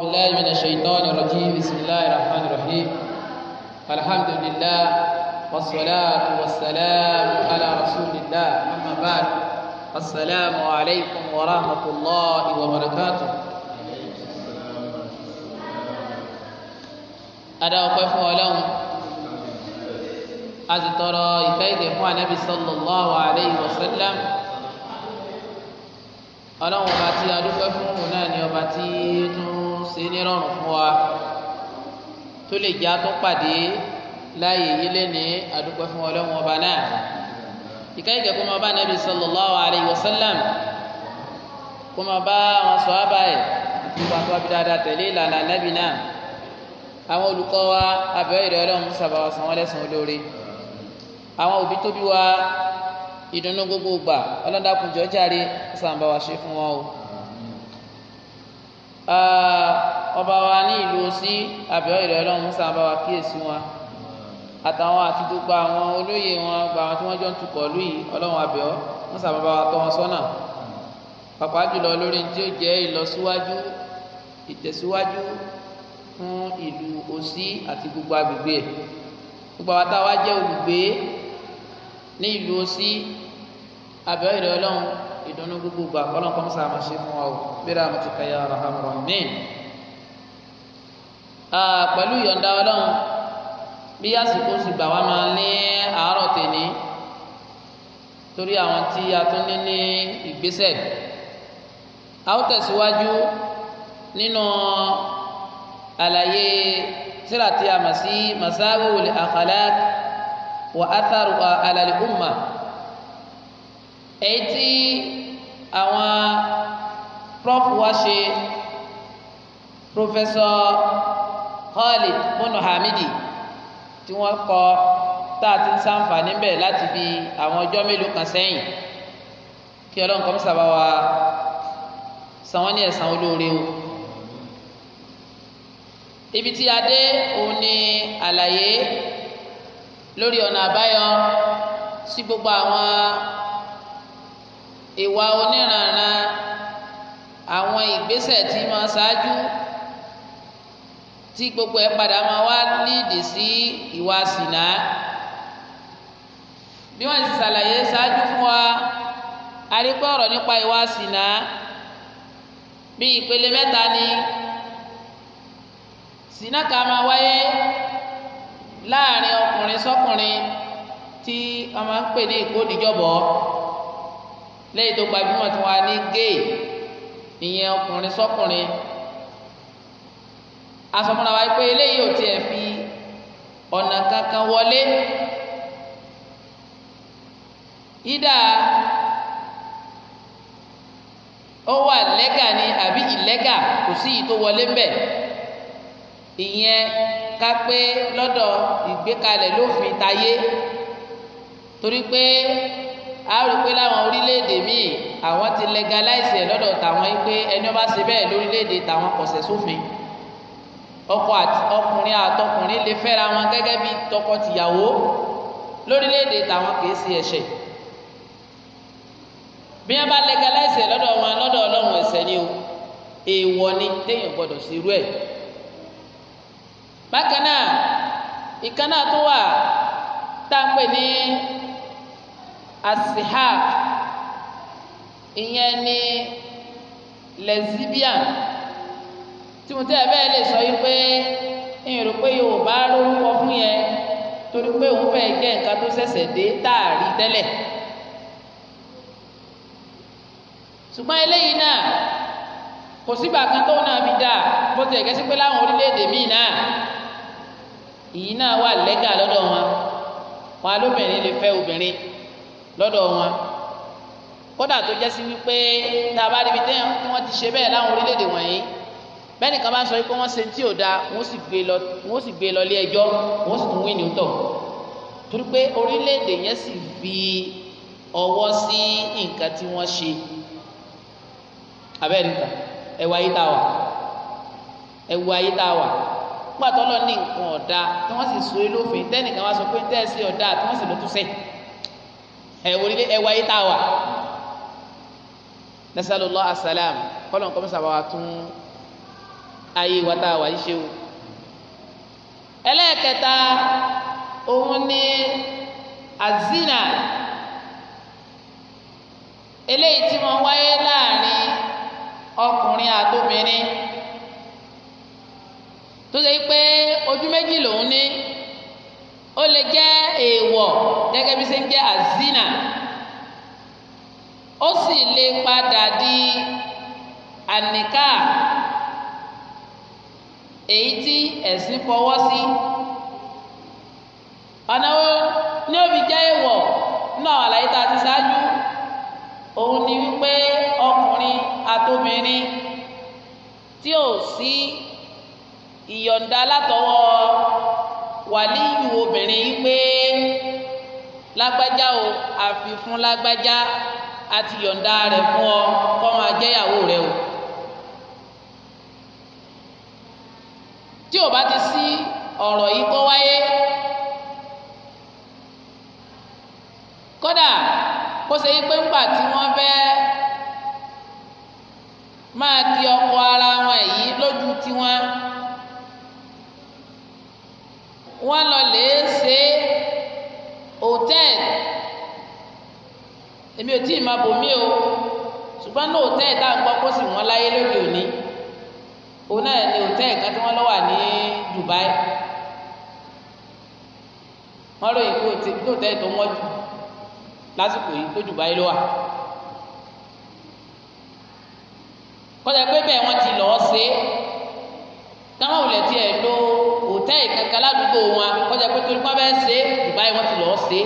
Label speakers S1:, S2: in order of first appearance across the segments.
S1: بالله من الشيطان الرجيم بسم الله الرحمن الرحيم الحمد لله والصلاة والسلام على رسول الله أما بعد السلام عليكم ورحمة الله وبركاته أدعو كيف ولهم أزترى إفايد إخوان النبي صلى الله عليه وسلم ọlọ́run ọba tí a dúpẹ́ fún ṣe ní rọrùn fún wa tó lè jẹ́ àtúnpàdé láàyè yìí lẹ́ni àdúpẹ́ fún ọlọ́run ọba náà ìkáyìkẹ́ kó máa bá nàbì sallallahu alayhi wa sallam kó máa bá àwọn sọ̀hábà ẹ̀ gbogbo àti wàbí dáadáa tẹ̀lé ìlànà nàbì náà àwọn olùkọ́ wa abẹ́wò ìrẹ́ ọlọ́run sábà wà sàn wọ́n lẹ́sàn olóore àwọn òbí tó wa ìdùnnú gbogbo gbà ọlọ́dàkùnjọ́ járe sàǹbà wà ṣe fún wọn o. Ah, ọba wa ní ìlú sí àbẹ̀wò ìrẹ̀ ọlọ́run musa bá wa kíyèsí wọn àtàwọn àti gbogbo àwọn olóyè wọn gba àwọn tí wọ́n jọ ń tukọ̀ lùyìí ọlọ́run àbẹ̀wò musa bá wa tọ́ wọn sọ́nà pàpà jùlọ lórí tí ó jẹ́ ìlọsíwájú ìtẹ̀síwájú fún ìlú òsí àti gbogbo agbègbè gbogbo àwọn táwa jẹ́ olùgbé ní ìlú òsí àbẹ̀wò ìrẹ̀ ọlọ́run ìdùnnú gbogbo gbà kọ́lọ́n kọ́ mọ́sá àmàṣe fún wa o bíra àmà ti kàyà rahman rahman. pẹ̀lú ìyọ̀ǹda ọlọ́run bí àsìkò sì gbà wá máa ní àárọ̀ tèmi torí àwọn tí a tún ní ní ìgbésẹ̀ a ó tẹ̀síwájú nínú àlàyé tírà tí a mọ̀ sí masawul akhlaq wa atharu ala al umma èyí tí àwọn prof wa ṣe professor Khalid munu hamidi tí wọ́n kọ tá a ti ń sàǹfààní bẹ́ẹ̀ láti fi àwọn ọjọ́ mélòó kan sẹ́yìn kí ọlọ́run kọ́ sábà wa san wọ́n ní ẹ̀san olóore o ibi tí a dé òun ni àlàyé lórí ọ̀nà àbáyọ sí gbogbo àwọn ìwà oníranran àwọn ìgbésẹ̀ tí máa ṣáájú tí gbogbo ẹ̀ padà máa wá nídìí sí ìwà sìnà
S2: bí wọ́n ti ṣàlàyé ṣáájú fún wa
S1: a rí pé ọ̀rọ̀ nípa ìwà sìnà bí ìpele mẹ́ta ni sìnà kan máa wáyé láàrin ọkùnrin sọ́kùnrin tí wọ́n máa ń pè ní ìkódìjọ́bọ̀ọ́ lẹ́yìn tó gbajúmọ̀ tí wọ́n á ní géè ìyẹn ọkùnrin sọ́kùnrin asọ̀mọ́ra wa pé eléyìí ò tiẹ̀ fi ọ̀nà kankan wọlé yídà ó wà lẹ́gà ni àbí ìlẹ́gà kò sí ìyí tó wọlé ń bẹ ìyẹn ká pé lọ́dọ̀ ìgbékalẹ̀ lófin tayé torí pé a rí i pé láwọn orílẹ̀-èdè míì àwọn ti legalize ẹ̀ lọ́dọ̀ tàwọn yìí pé ẹni ó bá ṣe bẹ́ẹ̀ lórílẹ̀-èdè tàwọn kọ̀ṣẹ̀ sófin ọkọ ọkùnrin àtọkùnrin lè fẹ́ra wọn gẹ́gẹ́ bí tọkọ-tìyàwó lórílẹ̀-èdè tàwọn kìí ṣe ẹ̀ṣẹ̀ bí wọn bá legalize ẹ̀ lọ́dọ̀ wọn lọ́dọ̀ ọlọ́run ẹ̀ṣẹ̀ ni o èèwọ̀ ni téèyàn gbọ́dọ̀ sí irú ẹ̀ bákan náà ìkan tó wà tá à ń pè ní asihab ìyẹn ni lesbian tí mo tẹ́ ẹ bẹ́ẹ̀ lè sọ yìí pé ìyẹn rò pé yorùbá lórúkọ fún yẹn torí pé òun fẹ́ gẹ́ nǹkan tó ṣẹ̀ṣẹ̀ dé táàrí tẹ́lẹ̀ ṣùgbọ́n eléyìí náà kò sígbà kan tóun náà fi dáa bó ti ẹ̀gẹ́ sí pé láwọn orílẹ̀-èdè míì náà ìyí náà wà lẹ́gà lọ́dọ̀ wọn wọn alóbìnrin lè fẹ́ obìnrin lọ́dọ̀ wọn kódà tó jẹ́ sí wípé tá a bá ríbi tí wọ́n ti ṣe bẹ́ẹ̀ láwọn orílẹ̀-èdè wọ̀nyí bẹ́ẹ̀ nìkan bá sọ pé wọ́n ṣe tí ò da wọ́n sì gbé lọ wọ́n sì gbé lọ ilé ẹjọ́ wọ́n sì tún wí ní tọ̀ torí pé orílẹ̀-èdè yẹn sì fi ọwọ́ sí nǹkan tí wọ́n ṣe abẹ́ẹ̀ nìkan ẹ̀wà yìí tá a wà ẹ̀wà yìí tá a wà pàtó lọ ní nǹkan ọ̀dà tí wọ́n sì so é lófin tẹ́nìkan wá sọ pé tẹ́ẹ̀sì ọ̀dà tí wọ́n sì lọ́tún sẹ́yìn ẹ̀wò nílé ẹ̀wà yìí tá a wà nasalulọ asalam kọlọn kọmísà bá wa tún ayé wa tá a wà yìí ṣe o ẹlẹ́ẹ̀kẹta òun ni azina eléyìí tí wọ́n wáyé láàrin ọkùnrin àtòmìnrin tó ṣe pé ojú méjì lòun ní ó lè jẹ́ èèwọ̀ gẹ́gẹ́ bí ṣe ń jẹ́ àzínà ó sì lè padà di àníkà èyí tí ẹ̀sìn fọwọ́ sí ọ̀nà wo ní òbí jẹ́ èèwọ̀ náà àlàyé tá a ti ṣáájú òun ni wípé ọkùnrin àtobìnrin tí ò sí ìyọ̀ǹda látọwọ́ wàlíyù obìnrin yìí pé lágbájá o àfi fún lágbájá àti yọ̀ǹda rẹ̀ fún ọ kọ́ máa jẹ́yàwó rẹ o. tí o bá ti sí ọ̀rọ̀ yìí kọ́ wáyé kódà kó ṣe yí pé ńgbà tí wọ́n fẹ́ máa di ọkọ ara wọn yìí lójú tiwọn wọ́n lọ lè ṣe
S2: hòtẹ́ẹ̀lì
S1: èmi ò tí ì máa bò mí o ṣùgbọ́n ní hòtẹ́ẹ̀lì tá à ń gbọ́ kó sì wọ́n láyé lóde òní òun náà ni hòtẹ́ẹ̀lì kan tí wọ́n lọ wà ní Dubai wọ́n ròyìn pé hòtẹ́ẹ̀lì tó wọ́n jù lásìkò yìí pé Dubai ló wà. kọ́jà pé bẹ́ẹ̀ wọ́n ti lọ́ọ́ ṣe é
S2: táwọn olè tiẹ̀ lóo. hòtẹ́ẹ̀lì kankan ládùúgbò wọn kọjá pé torí wọn bẹ́ẹ̀ ṣe Dubai wọn ti lọ́ọ́ ṣe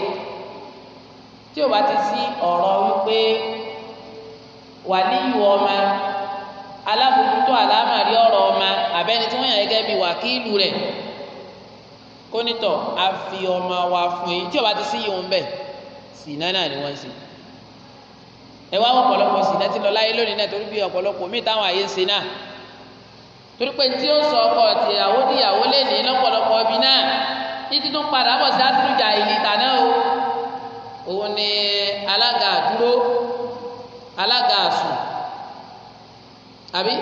S1: tí o bá ti sí ọ̀rọ̀ wípé wàlíyù ọmọ alábòójútó àlámàrí ọ̀rọ̀ ọmọ àbẹ́ni tí wọ́n yàn gẹ́gẹ́ rẹ̀ a fi ọmọ wa fún yín tí o ti sí sì náà ni wọ́n ṣe bí ọ̀pọ̀lọpọ̀ táwọn àyè torí pé tí ó sọ ọkọ tìyàwó níyàwó lè ní lọ́pọ̀lọpọ̀ ibi náà títí tó ń padà bọ̀ sí àtúndà ìlítà náà o òun ni alága àdúró alága àsùn àbí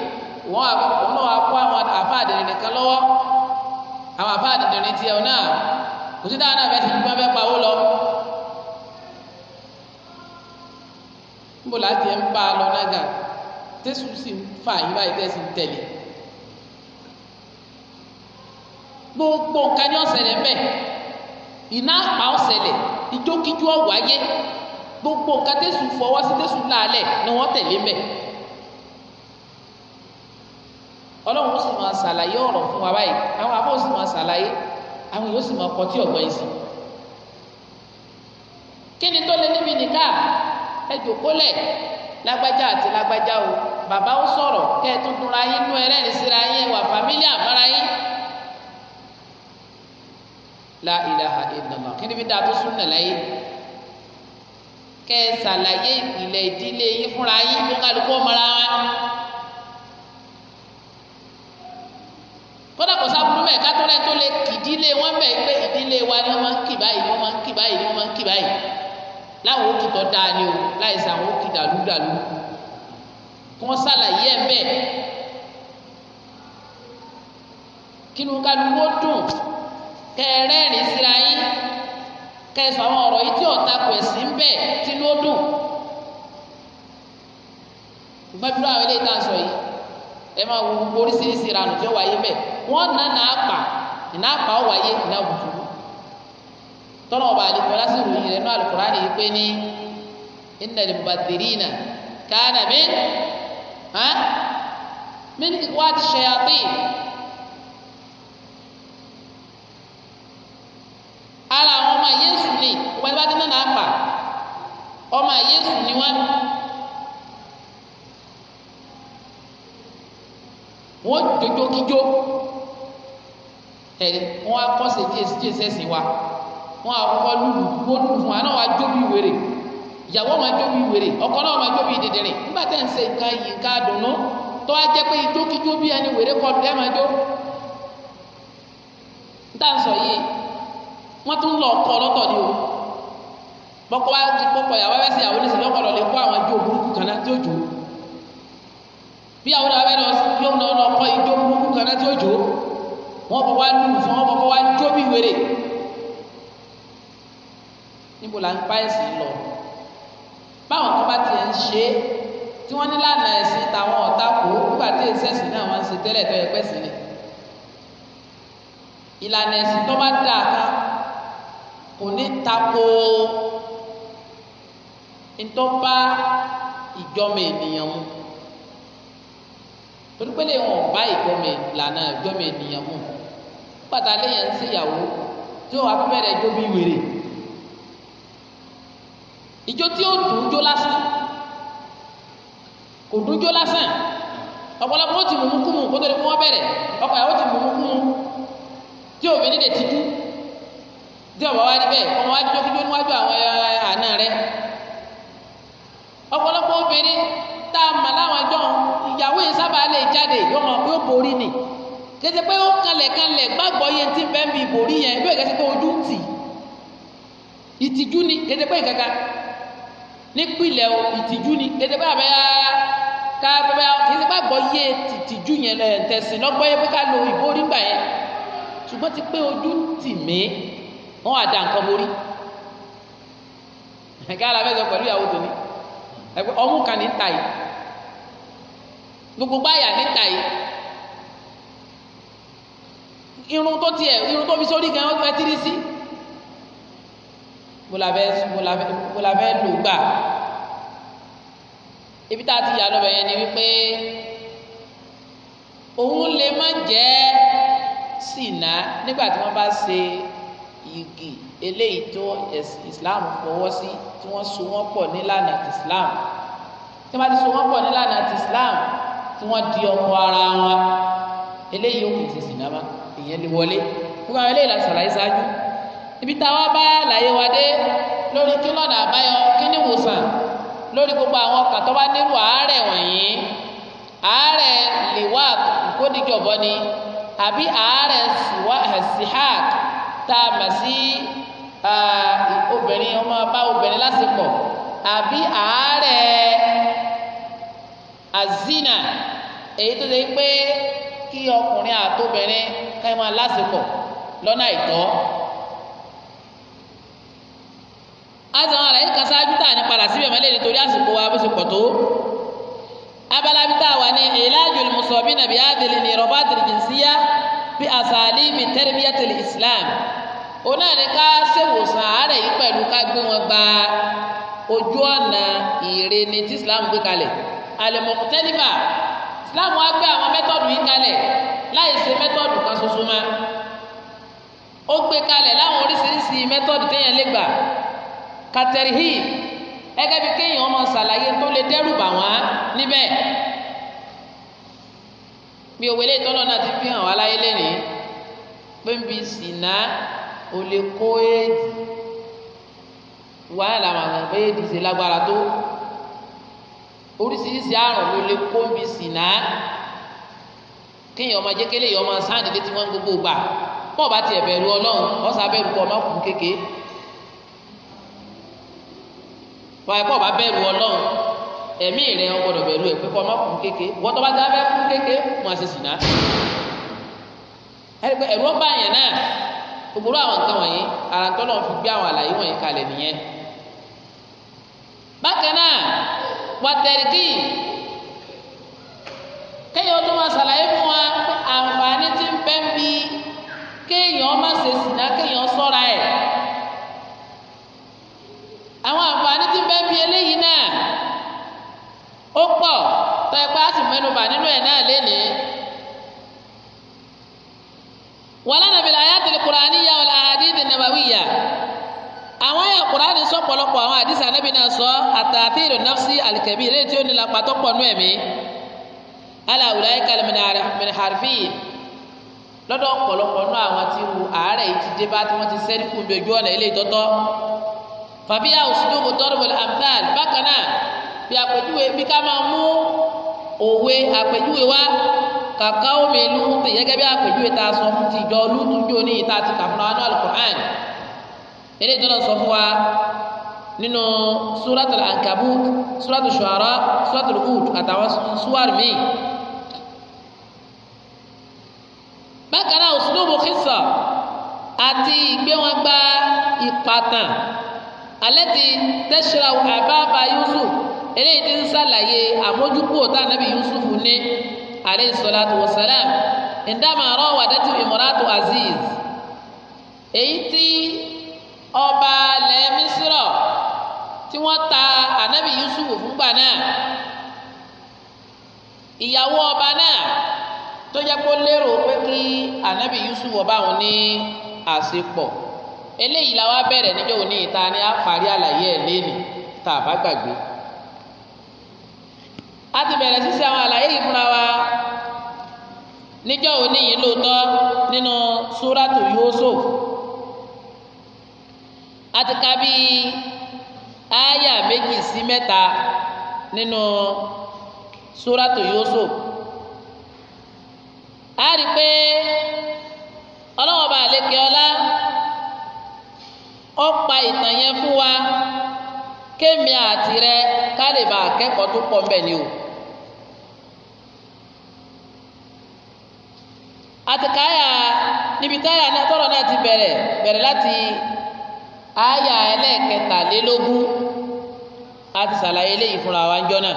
S1: wọn àwọn náà kó àwọn àfa àdìrín nìkan lọ́wọ́ àwọn àfa àdìrín tiẹ̀ náà kò sí dáadáa bẹ́ẹ̀ sì ń bá bẹ́ẹ̀ pawó lọ. níbo láti ẹ̀ ń bá a lọ náà gà tẹ́sù sì ń fà yín báyìí tẹ́sì ń tẹ̀lé. gbogbo nǹkan ni ọ̀sẹ̀lẹ̀ mbẹ́ iná àpá ọ̀sẹ̀lẹ̀ ìjókíjú ọ̀wáyé gbogbo nǹkan tẹ̀sùn fọwọ́ sí tẹ̀sùn láàlẹ̀ ni wọ́n tẹ̀lé mbẹ́ ọlọ́run ó sì máa ṣàlàyé ọ̀rọ̀ fún wa báyìí àwọn afọ́ sì máa ṣàlàyé àwọn yóò sì máa kọ tí ọ̀gbọ́n yìí sí kí ni tó lé níbi nìkà ẹ jòkólẹ̀ lágbájá àti lágbájá o bàbá ó sọ̀rọ̀ kẹ́ ẹ tó dunra yín nú ẹlẹ́rìí síra yín wà fámílì àmọ́ra yín la ilaha illallah kí ni fi dáa tó súnà láyé kẹ ẹ ṣàlàyé ìpìlẹ̀ ìdílé yín fúnra yín kó kálukú mara wa kódà kò sábúrú mẹ kátó rẹ tó lè kìdílé wọn bẹ pé ìdílé wa ni wọn máa ń kì báyìí wọn máa ń kì báyìí wọn máa ń kì báyìí láwọn òkì tó dáa ni o láì sàn àwọn òkì dàlúdàlú kó wọn ṣàlàyé ẹ bẹ kí ni kálukú dùn kẹrẹ́rìn síra yín kẹsàn àwọn ọ̀rọ̀ yìí tí ọ̀tá kò sí ń bẹ̀ tí ló dùn ṣùgbọ́n bí wọ́n àwọn eléyìí tá a sọ yìí ẹ máa wo gbogbo oríṣiríṣi ìranù tí ó wáyé bẹ́ẹ̀ wọ́n nà nà àpà nà àpà ó wáyé nà òjò tọ́nà ọba àdìpọ̀ lásìkò yìí rẹ̀ náà Al-Qur'ani yìí pé ní innal mubadhirina kana min min ikhwati shayatin. ọmọ yesu ni wọn wọ́n dojo kíjó ẹ wọ́n wa wọn akọkọ lulu wọ́n lulu fún wa náà wàá jó bí wèrè ìyàwó ọkọ náà máa jó bí dèdèrè nígbà tẹ́ ń ṣe nǹkan yìí nǹkan jẹ́ pé ijó kíjó bí ẹni wèrè kọlu ẹ máa o. bọ́kọ wa ti kọ́kọ́ yàwó ẹ̀fẹ́ sí ìyàwó ní sinú ọkọ̀ lọ́lẹ̀ kó àwọn ijó burúkú kan náà tí ó jò bí àwọn náà bẹ́ẹ̀ yóò náà lọ kọ́ ijó burúkú kan náà tí ó jò wọ́n bọ̀ wá lù fún wọn bọ̀ wá jó bí wèrè níbo là ń pa ẹ̀sìn lọ
S2: báwọn kan bá tiẹ̀ ń ṣe é tí wọ́n ní lànà ẹ̀sìn tàwọn ọ̀tá kò nígbà tí èsì ẹ̀sìn náà wọ́n ń ṣe tó yẹ pẹ́ sí
S1: ni ìlànà ẹ̀sìn tó bá dáa kan ní tako ntọ́ba ìjọmọ ènìyàn mu torípélé wọn bá ìjọmọ ìlànà ìjọmọ ènìyàn mu pàtà léèyàn ń ṣèyàwó tí ó wà fún bẹ́ẹ̀ ẹjọ́ bí wèrè ìjọ tí ó dùn jó lásán kò dùn jó lásán ọ̀pọ̀lọpọ̀ ó ti mú kú mu kó tó di kó wọ́n bẹ̀rẹ̀ ọkọ̀ yà ti mú kú mu tí òfin nílẹ̀ ti dú tí ọ̀bọ̀ wá rí bẹ́ẹ̀ ọmọ wájú jókòó níwájú àwọn àna rẹ̀ ọ̀pọ̀lọpọ̀ obìnrin tá a mọ̀ láwọn ẹjọ́ ìyàwó yìí sábà lè jáde yóò borí ni tètè pé ó kanlẹ̀ kanlẹ̀ gbàgbọ́ yẹn ti bẹ́ẹ̀ bí ìbòrí yẹn bí òkè sí pé ojú ń tì ìtìjú ni tètè pé kankan nípìnlẹ̀ o ìtìjú ni tètè pé àbẹ́yà ká bẹ́ẹ̀ tètè pé àgbọ̀ yé ìtìjú yẹn lẹ̀ tẹ̀sìn lọ́gbọ́ yẹn pé ká lo ìbòrí gbà yẹn ṣùgbọ́n ti pé ojú ń tì mí wọ́n àdá nǹkan borí ẹ̀ka alábẹ́sọ pẹ̀lú ìyàwó tòní ẹgbẹ ọmú kan ní ta yìí gbogbo báyà ní ta yìí irun tó tiẹ̀ irun tó fi sórí gan ó fẹ́ tírí sí mo làbẹ́ mo làbẹ́ mo làbẹ́ lò gbà ibi tá a ti yà lọ́bẹ̀ yẹn ni wípé
S2: òun lè má jẹ́
S1: sìnà nígbà tí wọ́n bá ṣe igi eléyìí tó islam fọwọ́ sí tí wọ́n so wọ́n pọ̀ nílànà ti islam tí wọ́n ti so wọ́n pọ̀ nílànà ti islam tí wọ́n di ọkọ ara wọn eléyìí ó kì í ṣe sinamá ìyẹn lè wọlé gbogbo àwọn eléyìí la ṣàlàyé ṣáájú ibi táwa bá láyé wa dé lórí kí lọ́nà àbáyọ kí ní ìwòsàn lórí gbogbo àwọn ọkà tó bá nírú àárẹ̀ wọ̀nyí àárẹ̀ liwak nkódìjọ̀bọ ni àbí àárẹ̀ sihat tá a mà sí Ah, obìnrin ọmọ bá obìnrin lásìkò àbí àárẹ̀ azina èyí tó ṣe pé kí ọkùnrin àtobìnrin káyọ̀ máa lásìkò lọ́nà àìtọ́. àti àwọn àlàyé kan ṣáájú tá à ní padà síbẹ̀ mọ́lẹ̀ nítorí àsìkò wa bó ṣe pọ̀ tó. abala bí tá a wà ní ìlàjò mùsùlùmí nàbí àdìlì ní rọ́bà tìrìjìnsíyá bí àṣà àlìmí tẹ́rìbíyà tẹ̀lé ìsìlámù. òun náà ni ká ṣèwòsàn àárẹ̀ yìí pẹ̀lú ká gbé wọn gba ojú ọ̀nà ìrẹni tí Islam gbé kalẹ̀ alẹ́mọ̀kútẹ́lífà Islam wá gbé àwọn mẹ́tọ́dù yìí kalẹ̀ láì ṣe mẹ́tọ́dù kan ṣoṣo ma ó gbé kalẹ̀ láwọn oríṣiríṣi mẹ́tọ́dù téèyàn lè gbà kàtẹ́rìhì ẹgẹ́ bí kéèyàn ọmọ ṣàlàyé tó lè dẹ́rù bà wọ́n níbẹ̀ bí òwe na náà ti fi hàn wá o lè kó éèdì wàhálà làwọn àgbẹ̀ éèdì ṣe lágbára tó oríṣiríṣi àrùn ló lè kó bí sìnà kéèyàn ọmọ jẹ́kẹ́lẹ́ yìí ọmọ sáà tí gbogbo gbà bá ọ ma bẹ̀rù ẹ̀ ọmọ kù kéke wọ́n tó bá dá bẹ́ẹ̀ kù kéke mọ̀ ẹ́ sì sìnà ẹ̀rọ yẹn gbogbo àwọn nǹkan wọ̀nyí ara tọ́lọ̀ fi gbé àwọn àlàyé wọ̀nyí kalẹ̀ nìyẹn. bákan náà wàtẹ̀rìkì kéèyàn tó máa ṣàlàyé fún wa àǹfààní tí ń bẹ ń bi kéèyàn má ṣe sìnà kéèyàn sọ́ra ẹ̀.
S2: àwọn àǹfààní tí ń bẹ ń bi eléyìí náà
S1: ó pọ̀ tọ́ ẹ a sì mẹ́nu bà nínú ẹ̀ náà sọpọlọpọ àwọn àdìsí anabi náà sọ àtàtìrò nafsi alikẹbi eré tí ó nílá pàtó pọ̀ nú ẹ̀mí aláwùlá ẹ̀kálẹ̀ mìnàhàrìfì lọ́dọ̀ ọ̀pọ̀lọpọ̀ nú àwọn tí wù àárẹ̀ yìí ti dé bá tí wọ́n ti sẹ́ni kú bí ojú ọ̀nà ilé ìtọ́tọ́ fàbíyà òsínú kò tọ́rọ̀ wọlé amthal bákan náà bí àpèjúwe bí ká máa mú òwe àpèjúwe wá kàkà omi ìlú ti gẹ́gẹ́ bí àpèjúwe tá a sọ fún ti ìjọ olùtúnjó ní ìta àti kàfúnà wọn náà al eléyìí tó lọ sọ fún wa nínú suratul ankabut suratul shuara suratul hud àtàwọn suwari míì. bákan náà uslubu khissa àti ìgbé wọn gba ìpàtàn allati tashrahu àbábà yusuf eléyìí ti ń ṣàlàyé àmójúkúrò tá ànábì yusuf ní alayhi salatu wa salam indama rawadatu aziz èyí tí ọba alẹ́ mísírọ̀ tí wọ́n ta anabi yusuf fúngbà náà ìyàwó ọba náà tó jẹ́ kó lérò pé kí anabi yusuf ọba òun ní àṣepọ̀ eléyìí la wá bẹ̀rẹ̀ níjọ́ òní ìta ni a parí àlàyé ẹ̀ lẹ́nu tá a bá gbàgbé a ti bẹ̀rẹ̀ sísè àwọn àlàyé yìí fúnra wa níjọ́ òní yìí lóòótọ́ nínú súrátù Yusuf. àti ka bíi méjì sí mẹ́ta nínú a rí pé ọlọ́wọ́ bá ọlá ó pa ìtàn yẹn fún wa kémi àti rẹ ká lè bá akẹ́kọ̀ọ́ tó pọ̀ ni ti bẹ̀rẹ̀ bẹ̀rẹ̀ Aya ẹlẹ́ẹ̀kẹtàlélógún a ti ṣàlàyé léyìí fúnra wa ń jọ́nà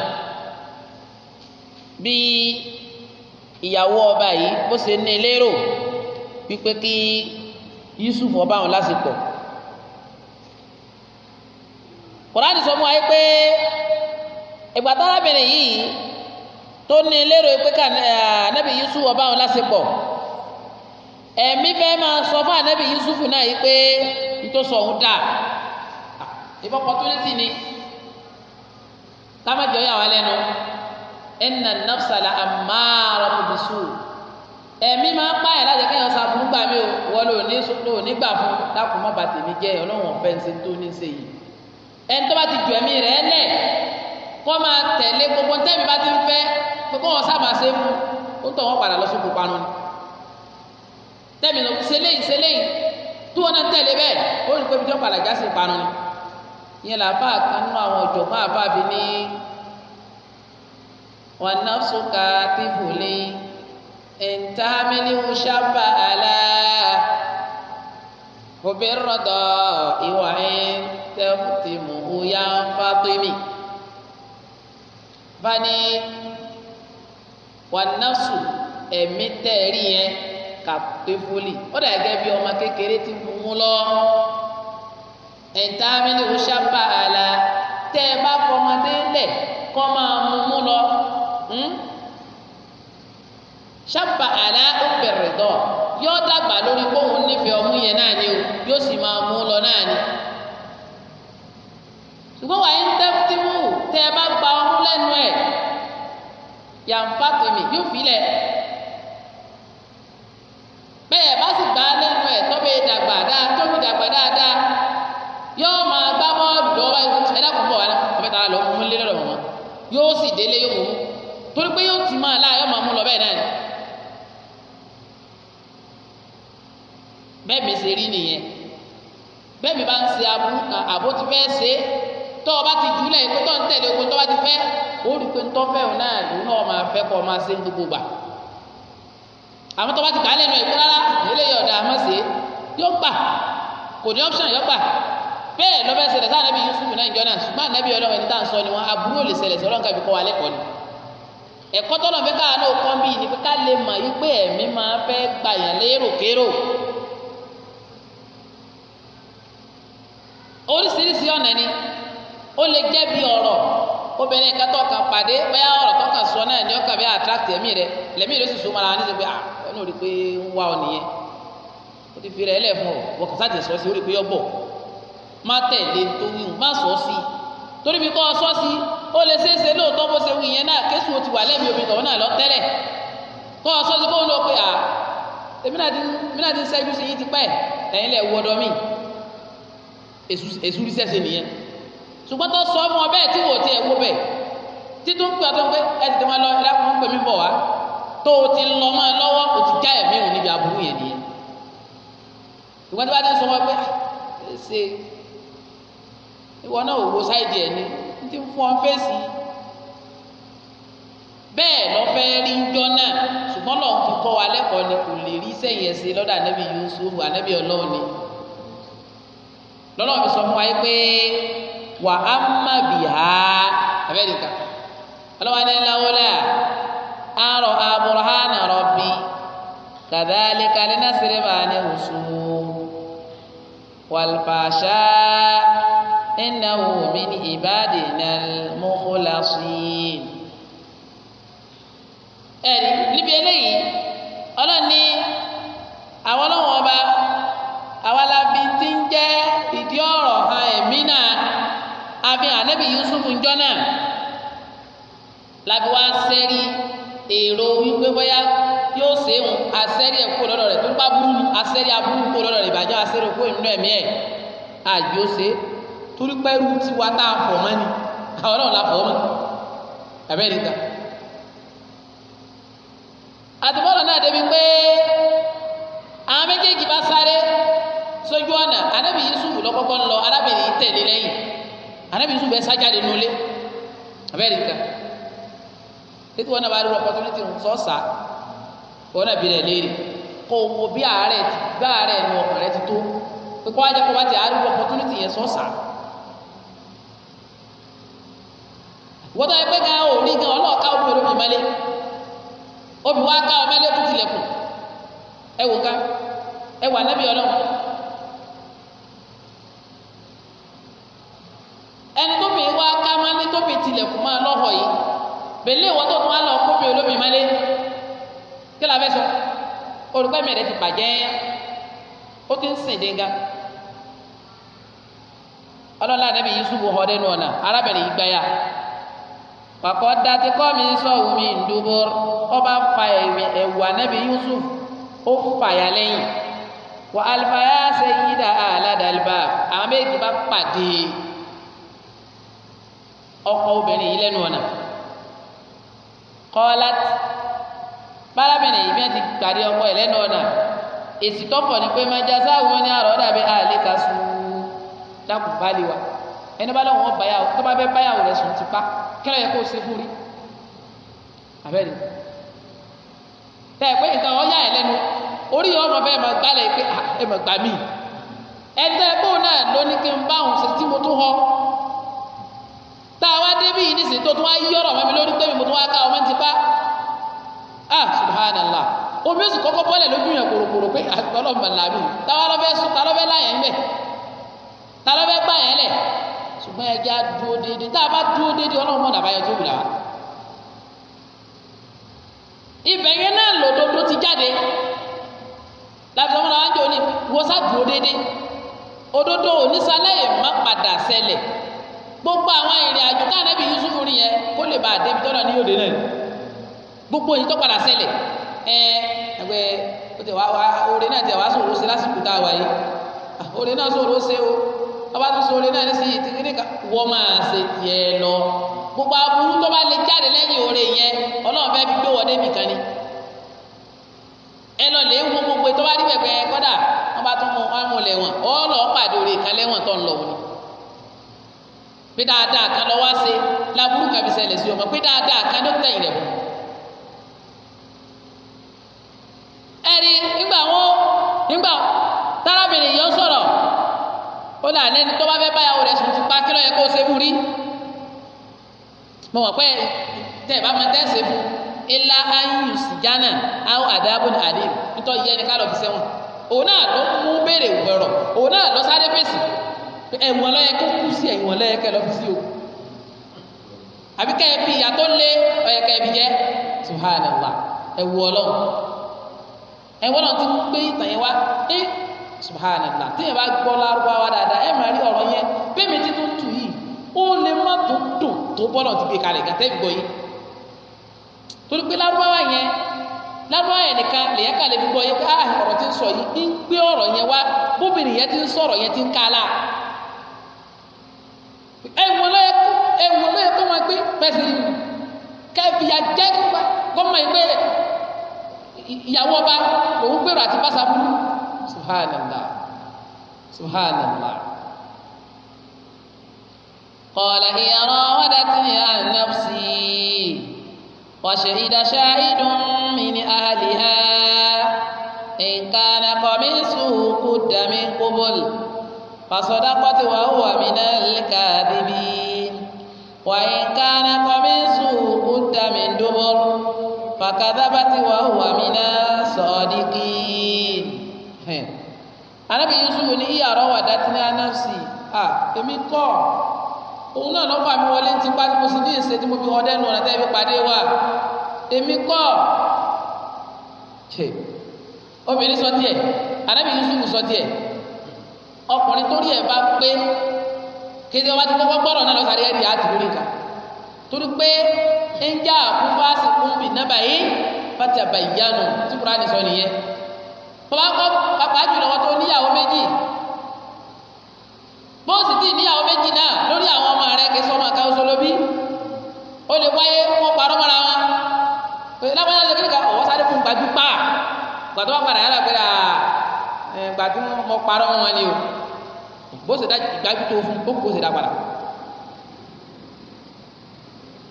S1: bí ìyàwó ọba yìí bó ṣe ní lérò wípé kí Yusuf ọba òun lásìkò kòránì sọ fún wa pé ìgbà tárábìnrin yìí tó ní lérò pé ká Ànábì Yusuf ọba òun lásìkò ẹ̀mí fẹ́ máa sọ fún ànábì Yusufu náà yìí pé nítòsọ ọ̀hún dà ìbọn pọtúlẹ́tì ni lámàjọ yà wá lẹ́nu ẹnna nafsala amáàrọ̀ bìsù ẹ̀mí máa ń pààyàn láti kẹ́yàn sá fún gbà mí o wọ́n lò ní lò ní gbà fún dákun má bàtẹ̀ mi jẹ́ ọlọ́run ọ̀fẹ́ ń ṣe tó ní ṣe yìí ẹni tó bá ti jù ẹ̀mí rẹ̀ lẹ̀ kó máa tẹ̀lé gbogbo tẹ́mi bá ti ń fẹ́ gbogbo wọn sábà ṣe fún ó ń tọ̀ wọ́n padà lọ sóko panu ni tẹ́mi lọ sẹ́lẹ̀yìn sẹ́lẹ̀yìn tí wọ́n náà tẹ̀lé bẹ́ẹ̀ ó rí pé bíjọ́ pàlàjà sì parun ni ìyẹn làbá kan nínú àwọn ọ̀jọ̀gbọ́n àbá fi ní
S2: wọn náà sọ́ka tí kò
S1: lè ìntàmílíwù sábà àlá òbí rọ̀dọ̀ ìwà ẹ̀ òyà ń fàtìmì bá ní wọn náà sùn ẹ̀mí tẹ̀rí yẹn kàkéfólì ó dà gẹ́gẹ́ bí ọmọ kékeré ti mú lọ ẹ̀ńtámínì ó ṣàpá àlà tẹ́ ẹ bá fọmọdé lẹ̀ kọ́ máa mú mú lọ hmm? ṣàpá àlà ó bẹ̀rẹ̀ dọ̀ yóò dàgbà lórí kóhun nífẹ̀ẹ́ ọmú yẹn náà ni o yóò sì máa mú lọ náà ni ṣùgbọ́n wàá ń tẹ́ tí mú tẹ́ ẹ bá gba ọmú lẹ́nu ẹ̀ yàǹfà tèmi yóò fi lẹ̀ bẹ́ẹ̀ bá sì gbà lẹ́nu ẹ̀ tọ́bẹ̀ dàgbà dáa tóbi dàgbà dáadáa yóò máa gbá bọ́ọ̀lù ọba ẹ̀dá púpọ̀ wa ọbẹ̀ tààrà lọ fún lé lọ́dọ̀ wọn yóò sì délé yóò mú torí pé yóò tì máa láà máa mú lọ bẹ́ẹ̀ náà ni. bẹ́ẹ̀ mi ṣe rí nìyẹn bẹ́ẹ̀ mi bá ń ṣe abú àbó ti fẹ́ ṣe é tọ́ ọ bá ti jùlẹ̀ pé tọ́ ń tẹ̀lé ogun tọ́ bá ti fẹ́ ó rí i pé ń tọ́ fẹ́ òun náà àwọn tó bá ti kà á lẹ́nu ẹ̀kọ́ rárá eléyìí ọ̀dà àmọ́sí yóò gbà kò ní option yóò gbà bẹ́ẹ̀ ló fẹ́ ṣẹlẹ̀ sáà nẹ́bí Yusuf náà ìjọ náà ṣùgbọ́n nẹ́bí ọlọ́run ẹni tá à ń sọ ni wọn aburú lè ṣẹlẹ̀ sí ọlọ́run kàbí kọ́ wa lẹ́kọ̀ọ́ ni ẹ̀kọ́ tọ́lọ̀ fẹ́ káà náà kọ́ bí ni pé ká lè mọ̀ yí pé ẹ̀mí máa fẹ́ gbà yàn lérò kérò oríṣiríṣi ọ̀nà ni ó lè jẹ́ bí ọ̀rọ̀ obìnrin kan pàdé bẹ́ẹ̀ ọ̀rọ̀ tọkàn sọ náà ni ọkàn bẹ́ẹ̀ attract ẹ̀mí rẹ lẹ́mí rẹ sì sọ wọn ní ti pé ah náà rí i pé ń wá ọ nìyẹn ó ti fi rẹ̀ ẹlẹ̀ fún ọ wọ́n kà sáàtì sọ sí ó rí i pé ọ bọ̀ má tẹ̀lé tó wí má sọ sí torí bí kò sọ sí ó lè ṣeé ṣe lóòótọ́ bó ṣe wí yẹn náà kéṣù ó ti wà lẹ́mìí omi tọ̀hún náà lọ tẹ́lẹ̀ kò sọ sí bóun ló pé à èmi náà ti ń ṣẹ́jú sí yín ti pẹ́ ẹ̀yin lẹ̀ wọ́dọ̀ mi èṣù rí sẹ́sẹ̀ nìyẹn ṣùgbọ́n tó sọ ọmọ bẹ́ẹ̀ tí wò ó ti ẹ̀ wó bẹ́ẹ̀ títún pé ọtọ́ pé ẹ ti tẹ́ wọn lọ ẹ lápò ń pè mí bọ̀ wá tó o ti lọ mọ́ ẹ lọ́wọ́ o ti já ẹ̀mí òun níbi aburú yẹn nìyẹn ìwọ́n tí wọ́n ti sọ wọ́n pé ah, ṣe ìwọ náà ò wo sáìdì ẹ̀ ni n ti fún ọ fèsì bẹ́ẹ̀ lọ́fẹ́ rí njọ́ náà ṣùgbọ́n lọ́n fi kọ́ wa lẹ́kọ̀ọ́ ni kò lè rí sẹ́yìn ẹ̀sìn lọ́dọ̀ ànábì Yusuf ànábì ọlọ́run ni lọ́lọ́run fi sọ fún wa yìí pé wà á má bì á abẹ́rẹ́ nìkan ọlọ́wà àrò àbúrhánà rọ̀bì kàdálíkà lẹ́nà sírìbà ní oṣù wàlfàṣà ìnáwó mi ní ìbáàdì náà mọ́kúlásì. ẹ̀rí níbi eléyìí ọlọ́ni àwọn ọlọ́wọ́n ọba awalabi ti ń jẹ́ ìdí ọ̀rọ̀ ha ẹ̀mí náà àbí ànábì Yusuf ń jọ náà làbí wá sẹ́rí èrò wípé bóyá yóò ṣéhun asẹ́rí ẹ̀kú lọ́dọ̀ rẹ̀ tó ń bá burú asẹ́rí aburú kó lọ́dọ̀ rẹ̀ ìbàjẹ́ asẹ́rí okó ìnú ẹ̀mí ẹ̀ àjò ṣe torí pẹ́rú tiwa tá a fọ̀ mọ́ ni àwọn náà la fọ̀ mọ́ Amẹ́ríkà. àtibọ́dọ̀ náà débi pé àwọn méjèèjì bá sáré sójú ọ̀nà anábì Yusuf lọ́kọ́kọ́ ń lọ arábìnrin tẹ̀lé lẹ́yìn anábì Yusuf bẹ́ẹ̀ sájáde nulẹ̀ Amẹ́ríkà títí wọn náà bá rí opportunity ń sọ́ọ̀sà wọn náà bí rẹ̀ léèrè kó o wo bí àárẹ̀ bí àárẹ̀ ẹnu ọkàn rẹ ti tó pé kó kó wá ti àárí opportunity yẹn sọ́ọ̀sà. wọ́n tọ́ ẹ pé gan orí gan ọlọ́ọ̀ká obìnrin olómi mẹ́lẹ́ obìnrin wa ká ọmọ ẹlẹ́kùn tilẹ̀kùn ẹ wò ká ẹ wà lẹ́bi ọlọ́run.
S2: bẹ̀lẹ́ ìwọ tó tún wá lọ kómi olómi
S1: kí la fẹ́ sọ olùkọ́ ẹ̀mí ti bàjẹ́ ó ti ń sìn dínga ọlọ́lá nàbí yusufu họ́ dẹ́nu ọ̀nà arábìnrin yìí gbáyà pàkọ́ dati kọ́ mi sọ omi ọba fa ẹ̀wù anabi yusuf ó fàyà lẹ́yìn wà alifaya ṣe yí aládàlíbà àwọn méjì bá pàdé ọkọ obìnrin yìí lẹ́nu ọ̀nà. kọ́lát pálámìnì yìí bẹ́ẹ̀ ti gbàdé ọkọ ẹ̀ lẹ́nu èsì tọ́pọ̀ ni pé mẹjásá wo ni àrọ̀ dàbí àlè ká sùn dákùn bá lè ẹni bá lọ́wọ́ báyàwó tó bá fẹ́ báyàwó rẹ̀ sùn ti pa kí yẹ kó o rí pé nǹkan tá a wá débi yìí nísìnyí tó tún wá yí ọ̀rọ̀ mẹ́mi lórí pé mi mo tún wá ká ọmọ ti pa ah subhanallah omi oṣù kọ́kọ́ bọ́lẹ̀ lójú yẹn kòròkòrò pé àtọ́lọ́mọ làbí táwa lọ́fẹ́ sùn tá lọ́fẹ́ láyẹ̀ ń bẹ̀ tá lọ́fẹ́ gbà yẹn lẹ̀ ṣùgbọ́n ẹja dúró déédéé tá a bá dúró déédéé ọlọ́run mọ̀ nàbáyọ tó gbìlà wa ibẹ̀ yẹn náà lòdodo ti jáde láti ọmọ náà wá ń jẹ́ òní wọ́n sá dúró déédéé òdodo òníṣàlẹ̀ yẹn má padà ṣẹlẹ̀ gbogbo àwọn ìrìn àjò tá ànábì Yusuf rìn yẹn kó lè bá àdébi tọ́lọ̀ ní yòde náà gbogbo èyí tó padà ṣẹlẹ̀ ẹ ẹgbẹ́ ó tẹ wá wá oore náà tẹ wá sòrò ṣe lásìkò tá a wáyé oore náà sòrò ṣe o ọba tó sòrò náà ṣe ti kéde ká wọ́n máa ṣe tiẹ̀ lọ gbogbo aburú tó bá lè jáde lẹ́yìn oore yẹn Ọlọ́run fẹ́ fi gbé wọ débi kan ni ẹ lọ lè wo gbogbo tó bá rí bẹ̀bẹ̀ kọ́dà wọ́n bá tún mú wọn mú lẹ̀ wọ́n ọ lọ́ọ́ pàdé oore kan lẹ́wọ̀n tó ń lọ wọ́n ni pé dáadáa kan lọ wá ṣe láburú kan fi ṣẹlẹ̀ sí ọmọ pé dáadáa kan ló tẹ̀yìn rẹ̀ bọ̀. ẹ̀rí nígbà wọn nígbà tárábìnrin yìí ó sọ̀rọ̀ ó là lẹ́ni tó bá fẹ́ báyàwó rẹ̀ sùn ti pa kí ló yẹ kó ṣe fún rí mo mọ̀ pé tẹ̀ bá máa tẹ̀sẹ̀ fún ilá ayus jana àwọn àdáàbòn àdéhùn nítorí yẹn ni ká lọ fi sẹ́wọ̀n òun náà ló mú béèrè gbọ̀rọ̀ òun náà lọ sáré fèsì ẹ̀wọ̀n lọ́yẹ kó kú sí ẹ̀wọ̀n lọ́yẹ kẹ́ lọ fi sí o àbí kẹ́ẹ̀bì ìyàtọ̀ lé ọ̀yẹ kẹ́ẹ̀bì jẹ́ subhanallah ẹ̀wọ̀ ọlọ́run ẹ̀wọ̀n náà ti gbé ìtàn tí yẹn bá gbọ́ dáadáa ẹ̀ máa rí ọ̀rọ̀ yẹn ti tún tù yìí ó lè má tó tó bọ́lọ̀ ti gbé kalẹ̀ gàtẹ́ yìí torí pé yẹn ẹ̀wọ̀n ló yẹ kó ẹ̀wọ̀n ló yẹ kó máa gbé pẹ̀sì yìí kẹ́ẹ̀fì àjẹ́ gbà gọ́mọ̀ ìgbé
S2: ìyàwó ọba òun gbèrò àti bá sábú
S1: subhanallah subhanallah. قال هي راودتني عن نفسي وشهد شاهد من أهلها إن كان قميصه قد من قبل فصدقت وهو من الكاذبين وإن كان قميصه قد من دبر فكذبت وهو من الصادقين Ànábì Yusuf ní ìyàrá wà dátínà nafsi à èmi òun náà lọ́kọ̀ àmì wọlé ti pa tí mo sì ní ìṣe tí mo fi ọdẹ nù wa èmi kọ́
S2: obìnrin sọ sọ
S1: ọkùnrin tó rí ẹ̀ bá pé kéde wá ti kọ́kọ́ gbọ́dọ̀ náà lọ́sàrí ẹ̀rí àti lórí ìka torí pé ń já àkúfà sí kúmbì nábà yìí bàtà bàyánu tí kúránì sọ nìyẹn
S2: pàápàá jùlọ wọn tó níyàwó méjì
S1: bóòsì tí níyàwó méjì náà lórí àwọn ọmọ rẹ kì í sọmọ àká oṣolóbí ó lè wáyé wọn parọ́ mọ́ra wọn pé lábàá náà lè kéde ká ọ̀wọ́ sáré fún gbajú pa gbàtọ́ padà yára pé àà ìgbà mo parọ́ wọn ni o bó ṣe dá ìgbájú tó fún bó ṣe dá padà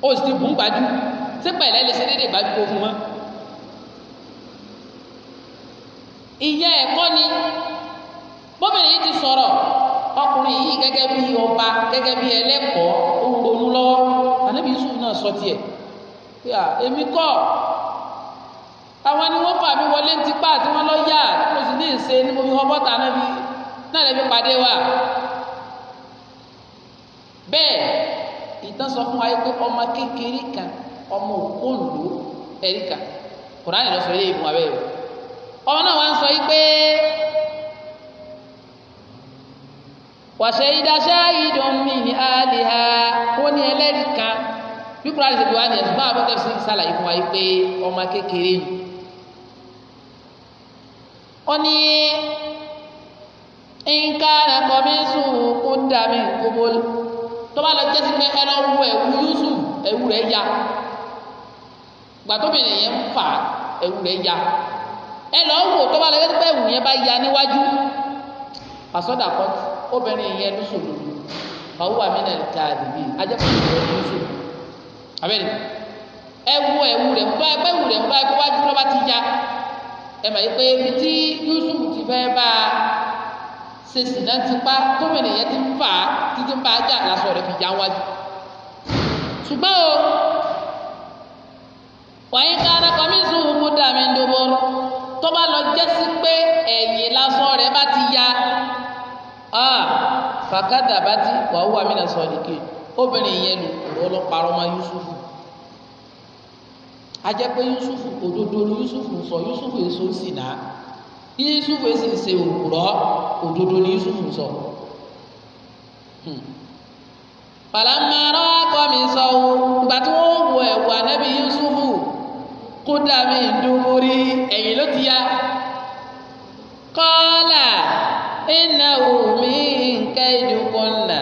S1: ó sì ti bùn gbájú ṣé pẹ̀lẹ́ lè ṣe déédéé gbájú tó fún wọn. ìyá ẹ̀kọ́ ni bóbìnrin yìí ti sọ̀rọ̀ ọkùnrin yìí gẹ́gẹ́ bí ọba gẹ́gẹ́ bí ẹlẹ́kọ̀ọ́ ó ń ronú lọ́wọ́ ànábì Yusuf náà sọ tiẹ̀ pé èmi kọ́ ọ̀ àwọn ni wọ́n fà mí wọlé ń tipá tí wọ́n lọ yá tí mo sì ní ìṣe ni mo fi hàn bọ́ta náà fi náà lè fi pàdé wa. bẹ́ẹ̀ ìtàn sọ fún wa yìí pé ọmọ kékeré kan ọmọ òkúńdó ẹ̀ríkà kùránì lọ sọ ilé ìfún abẹ́ rẹ̀ ọmọ náà wá ń sọ yìí pé wàṣẹ ìdáṣẹ́ ìdánmí ni àlè ha ó ní ẹlẹ́rìí kan bí kùránì ṣe fi wá ní ẹ̀sùn báwọn abẹ́tẹ̀ sí sàlàyé fún wa yìí pé ọmọ kékeré yìí ó ní nǹkan ẹ̀kọ́ mi sùn kó dà mí gbogbo tó bá lọ jẹ́sí pé ẹran wu ẹ̀wù yúsù ẹ̀wù rẹ̀ ya gbàtóbìnrin yẹn ń fà ẹ̀wù rẹ̀ ya ẹ lọ wò tó bá lọ jẹ́sí pé ẹ̀wù yẹn bá ya níwájú àsọdà kọ́ obìnrin yẹn ló sòrò báwo wà mí nà ẹ̀ àdìbì ajẹ́pọ̀ ìṣòro ló sòrò abẹ́rẹ́ ẹ̀wù ẹ̀wù rẹ̀ ń bá ẹ̀wù rẹ̀ ń ẹ mọ̀ pé ibi tí Yusuf ti fẹ́ bá a ṣe sì náà ti pa gómìnà yẹn ti ń fà á títí ń bá a jà lásán rẹ̀ fi já wájú. ṣùgbọ́n o wàyí kára kọ́míṣù mú dàmí ndóbó tó bá lọ jẹ́sí pé ẹ̀yìn lásán rẹ̀ bá ti ya fàkàdà bá ti wàá mí nà sọ̀rọ̀ nìkan obìnrin yẹn lò ó lọ parọ́ ma Yusuf ajẹ́ pé yusufu òdodo ni yusufu ń sọ yusufu èso ń sì ná yusufu èsì ń ṣe òkúrọ́ òdodo ni yusufu ń sọ. pàlámà rọ́wá kọ́ mi sọ o ìgbà tí wọ́n wọ ẹ̀wù ànábì yusufu kó dàbí ìdúmórí ẹ̀yìn ló ti ya kọ́lá iná omi nǹkan ìdúkọ̀ọ́nà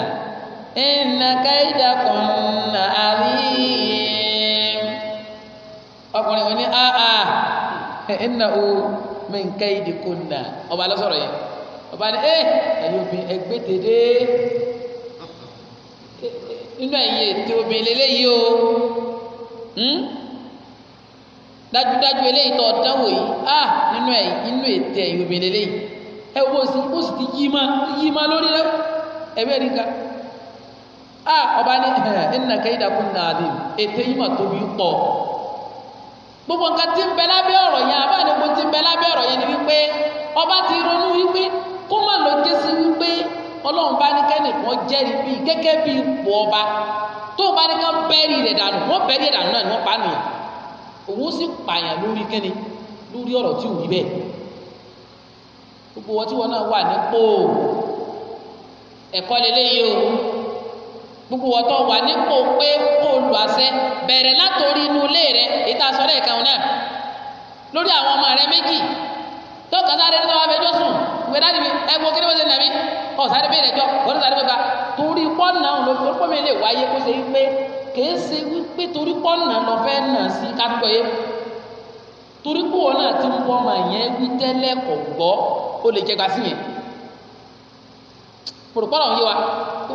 S1: iná káyidakọ̀ọ́nà àríyìn ọkùnrin wọn ni aa ẹnna o mẹnka yìí di kóńdà ọba alẹ sọ̀rọ̀ yẹn ọba ni eh, ẹ ẹyẹ obìnrin ẹgbẹ tèdè nínú ẹyẹ ètò obìnrin lélẹyìí o hmm? dájúdájú eléyìí tó dánwò yìí a ah, nínú ẹyìn nínú ètò ẹyẹ obìnrin lélẹyìí ẹ wo sí ó sì ti yí ma yí ma lórí rẹ ẹ bẹ́ẹ̀ nìkan a ah, ọba ni ẹnna kẹyìí dàkún nàá dé ètò yìí mà tóbi pọ̀. gbogbo nǹkan ti ń bẹ lábẹ́ ọ̀rọ̀ yẹn ni ti ń bẹ lábẹ́ ọ̀rọ̀ ni wípé ọba ti ronú wípé kó má lọ jẹ́ sí wípé ọlọ́run bá ní kẹ́nìkan jẹ́rìí bíi ọba tó bá ní kán bẹ́ẹ̀rì rẹ̀ dànù wọ́n bẹ́ẹ̀rì dànù náà ni wọ́n pa nìyẹn òun sì pààyàn lórí kẹ́ni lórí ọ̀rọ̀ tí ò rí bẹ́ẹ̀ gbogbo wọn tí o gbogbo wọtọ wà nípò pé kó o lù àṣẹ bẹ̀rẹ̀ látòrí inú ilé rẹ ìta sọ̀rọ̀ ẹ̀ka ọ̀nà lórí àwọn ọmọ rẹ méjì tó kàn sáré ní sọ́wọ́ abẹ́jọ́ sùn ìwé dáàdì mi ẹ wo kíni wọ́n ṣe nàbí ọ̀ sáré bẹ́ẹ̀ lẹ́jọ́ wọ́n sáré bẹ́ẹ̀ bá torí pọ́nà lórí pọ́nmi lè wáyé kó ṣe wípé kìí ṣe wípé torí pọ́nà lọ fẹ́ nà sí kápẹ́ yé torí pọ́nà ti ń bọ́ ọmọ yẹn wí tẹ́lẹ̀ kọ̀ gbọ́ ó lè jẹ́ gbà sí yẹn pòròpọ̀rọ̀ ń yé wa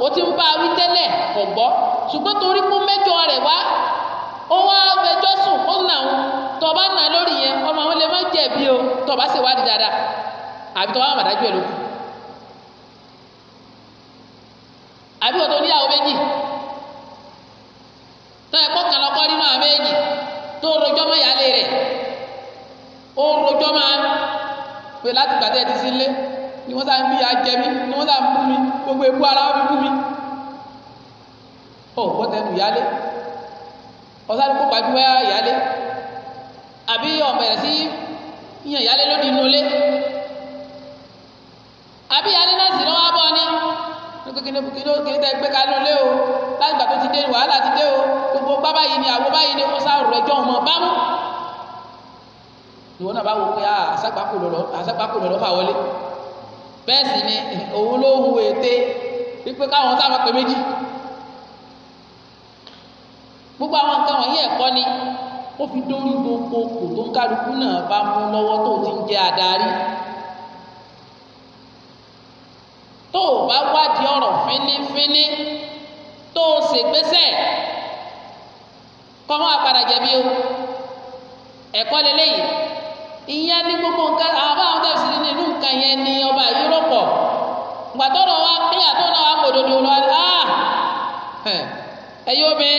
S1: o ti ń bá a wí tẹ́lẹ̀ kò gbọ́ ṣùgbọ́n torí kó mẹ́jọ rẹ̀ wá ó wá fẹjọ́ sùn ó nà ń tọba nà lórí yẹn ọmọ àwọn lè má jẹ̀bi o tọba sì wá di dáadáa àbí tọba àwọn àdájọ́ ẹ̀ ló kù àbí wọn tó níyàwó méjì tó ẹ̀kọ́ kan lọ́kọ́ nínú àwọn méjì tó rojọ́ mọ́ ìyáálé rẹ̀ ó rojọ́ máa pè láti gbàtẹ́ ti sílé ni wọ́n sáà ń fi ajẹ́ mi ni wọ́n sáà ń bú mi gbogbo ebú ara wọn fi bú mi ọ̀ bọ́tẹ́nu ìyálé ọ̀sán kó pàbí wáyà àbí ọmọ sí yíyan ìyálé lónìí inú àbí ìyálé náà sì lọ́wọ́ abọ́ ni ní kékeré kékeré kékeré tẹ́ gbé o láti gbà ti dé wàhálà ti dé o gbogbo bábá yìí ni àwọn báyìí ni wọ́n sá rẹ̀ jọ ọmọ bámú ìwọ náà bá wò pé àṣàgbákò ah, lọ́lọ́ àṣàgbákò lọ́lọ́ fà wọlé bẹ́ẹ̀ sì ni òun ló hu ète wípé káwọn sábà pé méjì gbogbo àwọn nǹkan wọ̀nyí ẹ̀kọ́ ni ó fi dórí gbogbo kò tó ń kálukú náà bá mú lọ́wọ́ tó ti ń jẹ́ adarí tó o bá wádìí ọ̀rọ̀ fínífíní tó o ṣègbésẹ̀ kọ́mọ́ àpàdà jẹ̀bi o ẹ̀kọ́ lélẹ́yìn ìyẹn ní gbogbo nǹkan àwọn báwọn tẹ̀sí nínú nǹkan yẹn ni ọba gbàtọ́rọ̀ wa níyà tó náà wà kòdòdò lọ rẹ ah ẹ yóò bẹ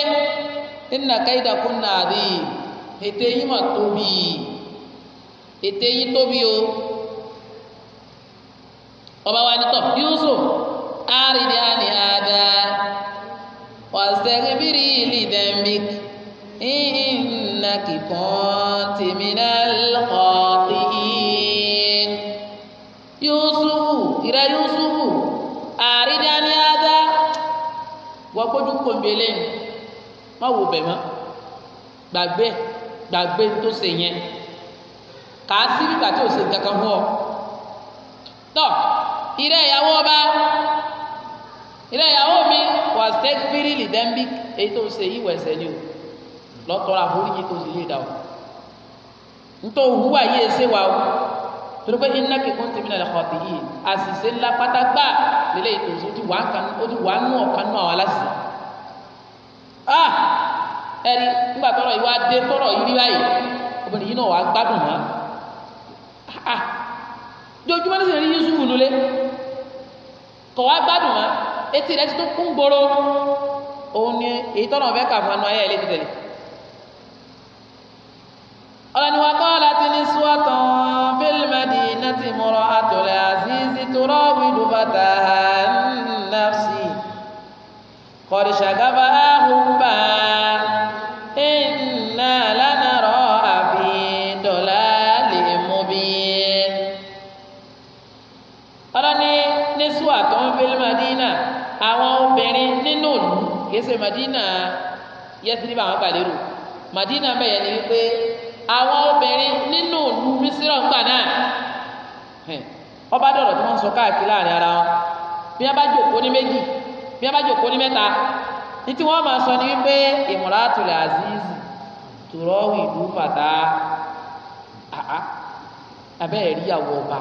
S1: nínú àkàìdà kún náà rí ètè yín mà tóbi ètè yín tóbi o ọba wa ni tọ Yusuf arìnrìn àní àdá wàsẹ̀kì bírí ìlì dẹ́mbík ìhìn nàkìkan tèmínà lọ. wọ́n gbójú kò ń bi eléyìí má wò bẹ̀ mọ́ gbàgbé gbàgbé tó ṣe yẹn kà á sí bíbà tí ò ṣe kankan fún ọ. tọ́ ilé ìyàwó ọba
S2: ilé ìyàwó mi wà steeti pírìlì dẹ́mbí
S1: èyí tó ṣe yìí wẹ̀sẹ̀ ni o lọ́tọ́ra àforíjì tó ṣe yìí dà o ntọ́ òwúwà yìí ṣe wà o torí pé iná kíkún ti mi nàlẹ́ xɔ tìyí àṣìṣe ńlá pátágbá lélẹ̀ ìtòsí ó ti wà ń kan ó ti wà ń nù ọ̀kan nù àwọn aláṣẹ. a ah! ẹni nígbà tọrọ yìí wá dé tọrọ yìí rí báyìí obìnrin yìí náà wàá gbádùn mọ́ a ah! jojúmọ́ ní sẹ́yìn yíṣu wù lulẹ̀ kọ̀ wá gbádùn mọ́ etí ti tó kún gbòòrò òun ni èyí tọrọ fẹ́ kà fún ẹnu ayé ẹ̀ lé wa kọ́ ọ́ láti ní sùwọ́tàn. الجنة امرأة العزيز تراود فتاها عن نفسي قد شغفها حبا إنا لنراها في ضلال مبين ọlọ́ni ní sùwà tó ń fẹ́lẹ́ madina àwọn obìnrin nínú òlù kìí ṣe madina yẹtìrìbà àwọn gbàlérò madina bẹ̀yẹ ni wípé àwọn obìnrin nínú òlù mísírọ̀ ń gbà náà.
S2: Hmm. ọba dọ̀rọ̀ tí wọ́n sọ káàkiri láàrin ara wọn bí wọ́n bá jòkó ní méjì bí wọ́n bá jòkó ní mẹ́ta ní tí wọ́n máa sọ ní wípé ìmùràtúlẹ̀ aziz
S1: tùrọ́wì ìlú fàtà àá abẹ́rẹ́ rí ọba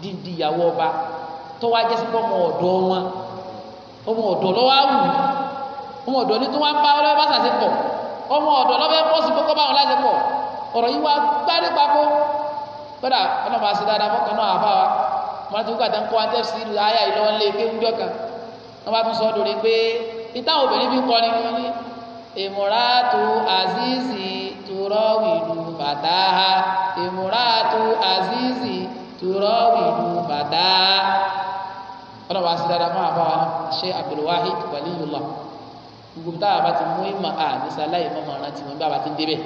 S1: dídí ìyàwó ọba tó wá jẹ́ sípò ọmọ ọ̀dọ́ wọn ọmọ ọ̀dọ́ lọ́wọ́ àwù ọmọ ọ̀dọ́ ní bá bá sàṣepọ̀ ọmọ ọ̀dọ́ lọ́wọ́ pọ̀ sí kódà ọlọ́mọ àti dáadáa fọkàn náà àbá wa wọn ti gbàdá ń kọ́ àti ẹ̀sìn ìlú ayá yìí lọ́wọ́ lé kéwúndọ́ kan wọn bá tún sọ ọdún rẹ pé ìtàwọn obìnrin fi kọrin wọn ní ìmúratù azizi tùrọ̀wìlú fàdáhà ìmúratù azizi tùrọ̀wìlú fàdáhà ọlọ́mọ àti dáadáa fún àbá wa náà ṣe Abdulwahid Waliyullah gbogbo táwa bá ti mú ìmọ̀ àmì sáláì mọ́mọ́ rántí wọn bí a bá ti ń débẹ̀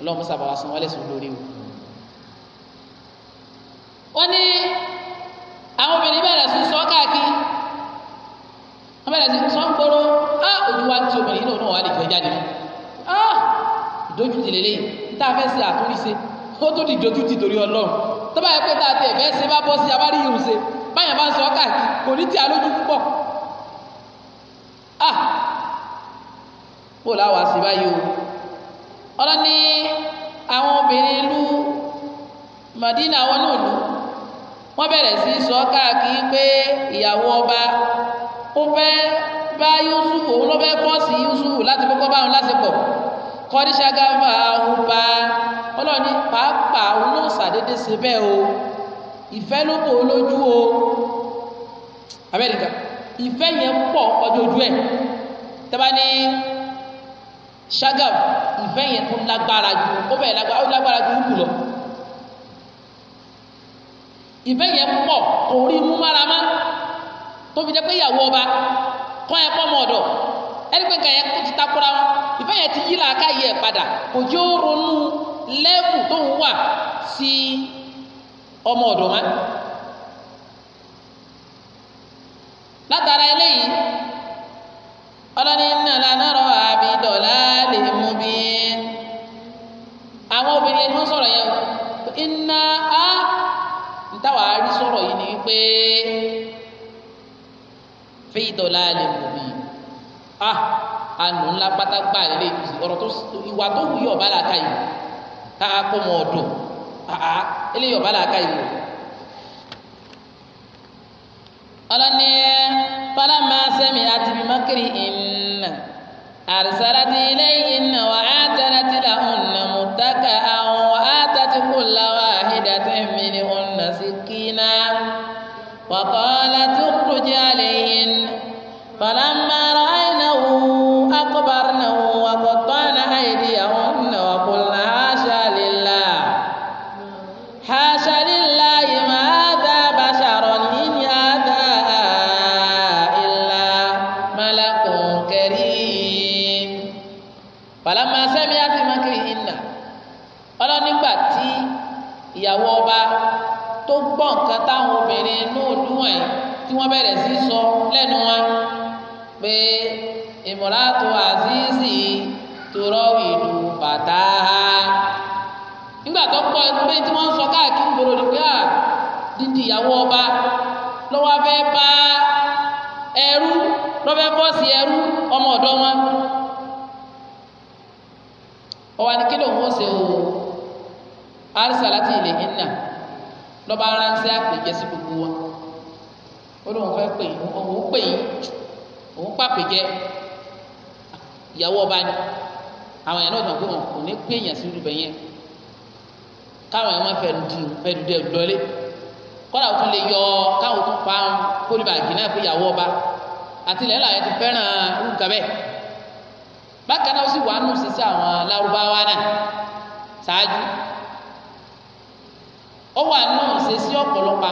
S1: ọlọ́mọ sábà wa san wọlé sùn lórí o ó ní àwọn obìnrin bẹ̀rẹ̀ sí sọ káàkiri wọ́n bẹ̀rẹ̀ sí sọ ń gbòòrò á ah, ojú wa ti obìnrin náà náà wà lè jọ jáde á ah, ìdójútì lélẹ́yìn níta fẹ́ ṣe àtúnṣe ó tó di ìdójútì torí ọlọ́run tó bá yẹ pé tá a tẹ̀ fẹ́ ṣe bá bọ́ sí abárí ìhùn ṣe báyà bá ń sọ káàkiri kò ní tí a lójú púpọ̀ á ah, kó láwàá sí báyìí o ọlọ́ni àwọn obìnrin ìlú Madina wọn náà lù wọ́n bẹ̀rẹ̀ sí sọ káàkiri pé ìyàwó ọba ó fẹ́ bá Yusuf òun ló fẹ́ bọ́ọ̀sì Yusuf láti kọ́kọ́ bá òun lásìkò kọ́díṣàgáfà òun bá ọlọ́ọ̀ni pàápàá òun ló ṣàdédé ṣe bẹ́ẹ̀ o ìfẹ́ ló kò lójú o Amẹ́ríkà ìfẹ́ yẹn pọ̀ ọjọ́ ojú ẹ̀ tẹ́bá ní ṣàgáf ìfẹ́ yẹn tó lágbára ju ó bẹ̀rẹ̀ lágbára ju ikú lọ ìfẹ́ yẹn pọ̀ kò rí mú mára má tó fi jẹ́ pé ìyàwó ọba kọ́ ẹ pọ́ mọ́ ọ̀dọ̀ ẹni pé nǹkan yẹn ti takora wọn ìfẹ́ yẹn ti yí làákà yẹ padà kò jẹ́ ó ronú lẹ́bù tó ń wà sí ọmọ ọ̀dọ̀ má. látara eléyìí ọlọ́ni nàlá nàrọ̀ àbídọ̀lá lè mú bí àwọn obìnrin ló ń sọ̀rọ̀ yẹn iná láàárọ̀ yìí ni wípé fi ìdọ̀la lè mú mi a ah, ànú ńlá pátá gbà lè ọ̀rọ̀ tó ìwà tó wù yọ̀ bá la ka yìí ká kó mọ ọ̀dọ̀ àá eléyìí ọ̀bá la ka yìí ọlọ́ni fọlọ́mà sẹ́mi àti bímọ́kiri ìnà àrísàlátì ilé ìnà wà á tẹ́lẹ̀ tí làwọn ọ̀nà mùtákà á. òun pàpè jẹ ìyàwó ọba ni àwọn èèyàn náà dàn pé wọn kò ní pé èèyàn sí irúbẹ yẹn káwọn èèyàn máa di dẹ lọlé lè yọ káwọn òtún pa kólíbàgì náà pé ìyàwó ọba àti ilẹ̀ làwọn ti fẹ́ràn orúkọ bẹ́ẹ̀ bákan náà ó sì wà nù sísẹ àwọn lárúbáwá náà ṣáájú ó wà nù sísẹ ọ̀pọ̀lọpọ̀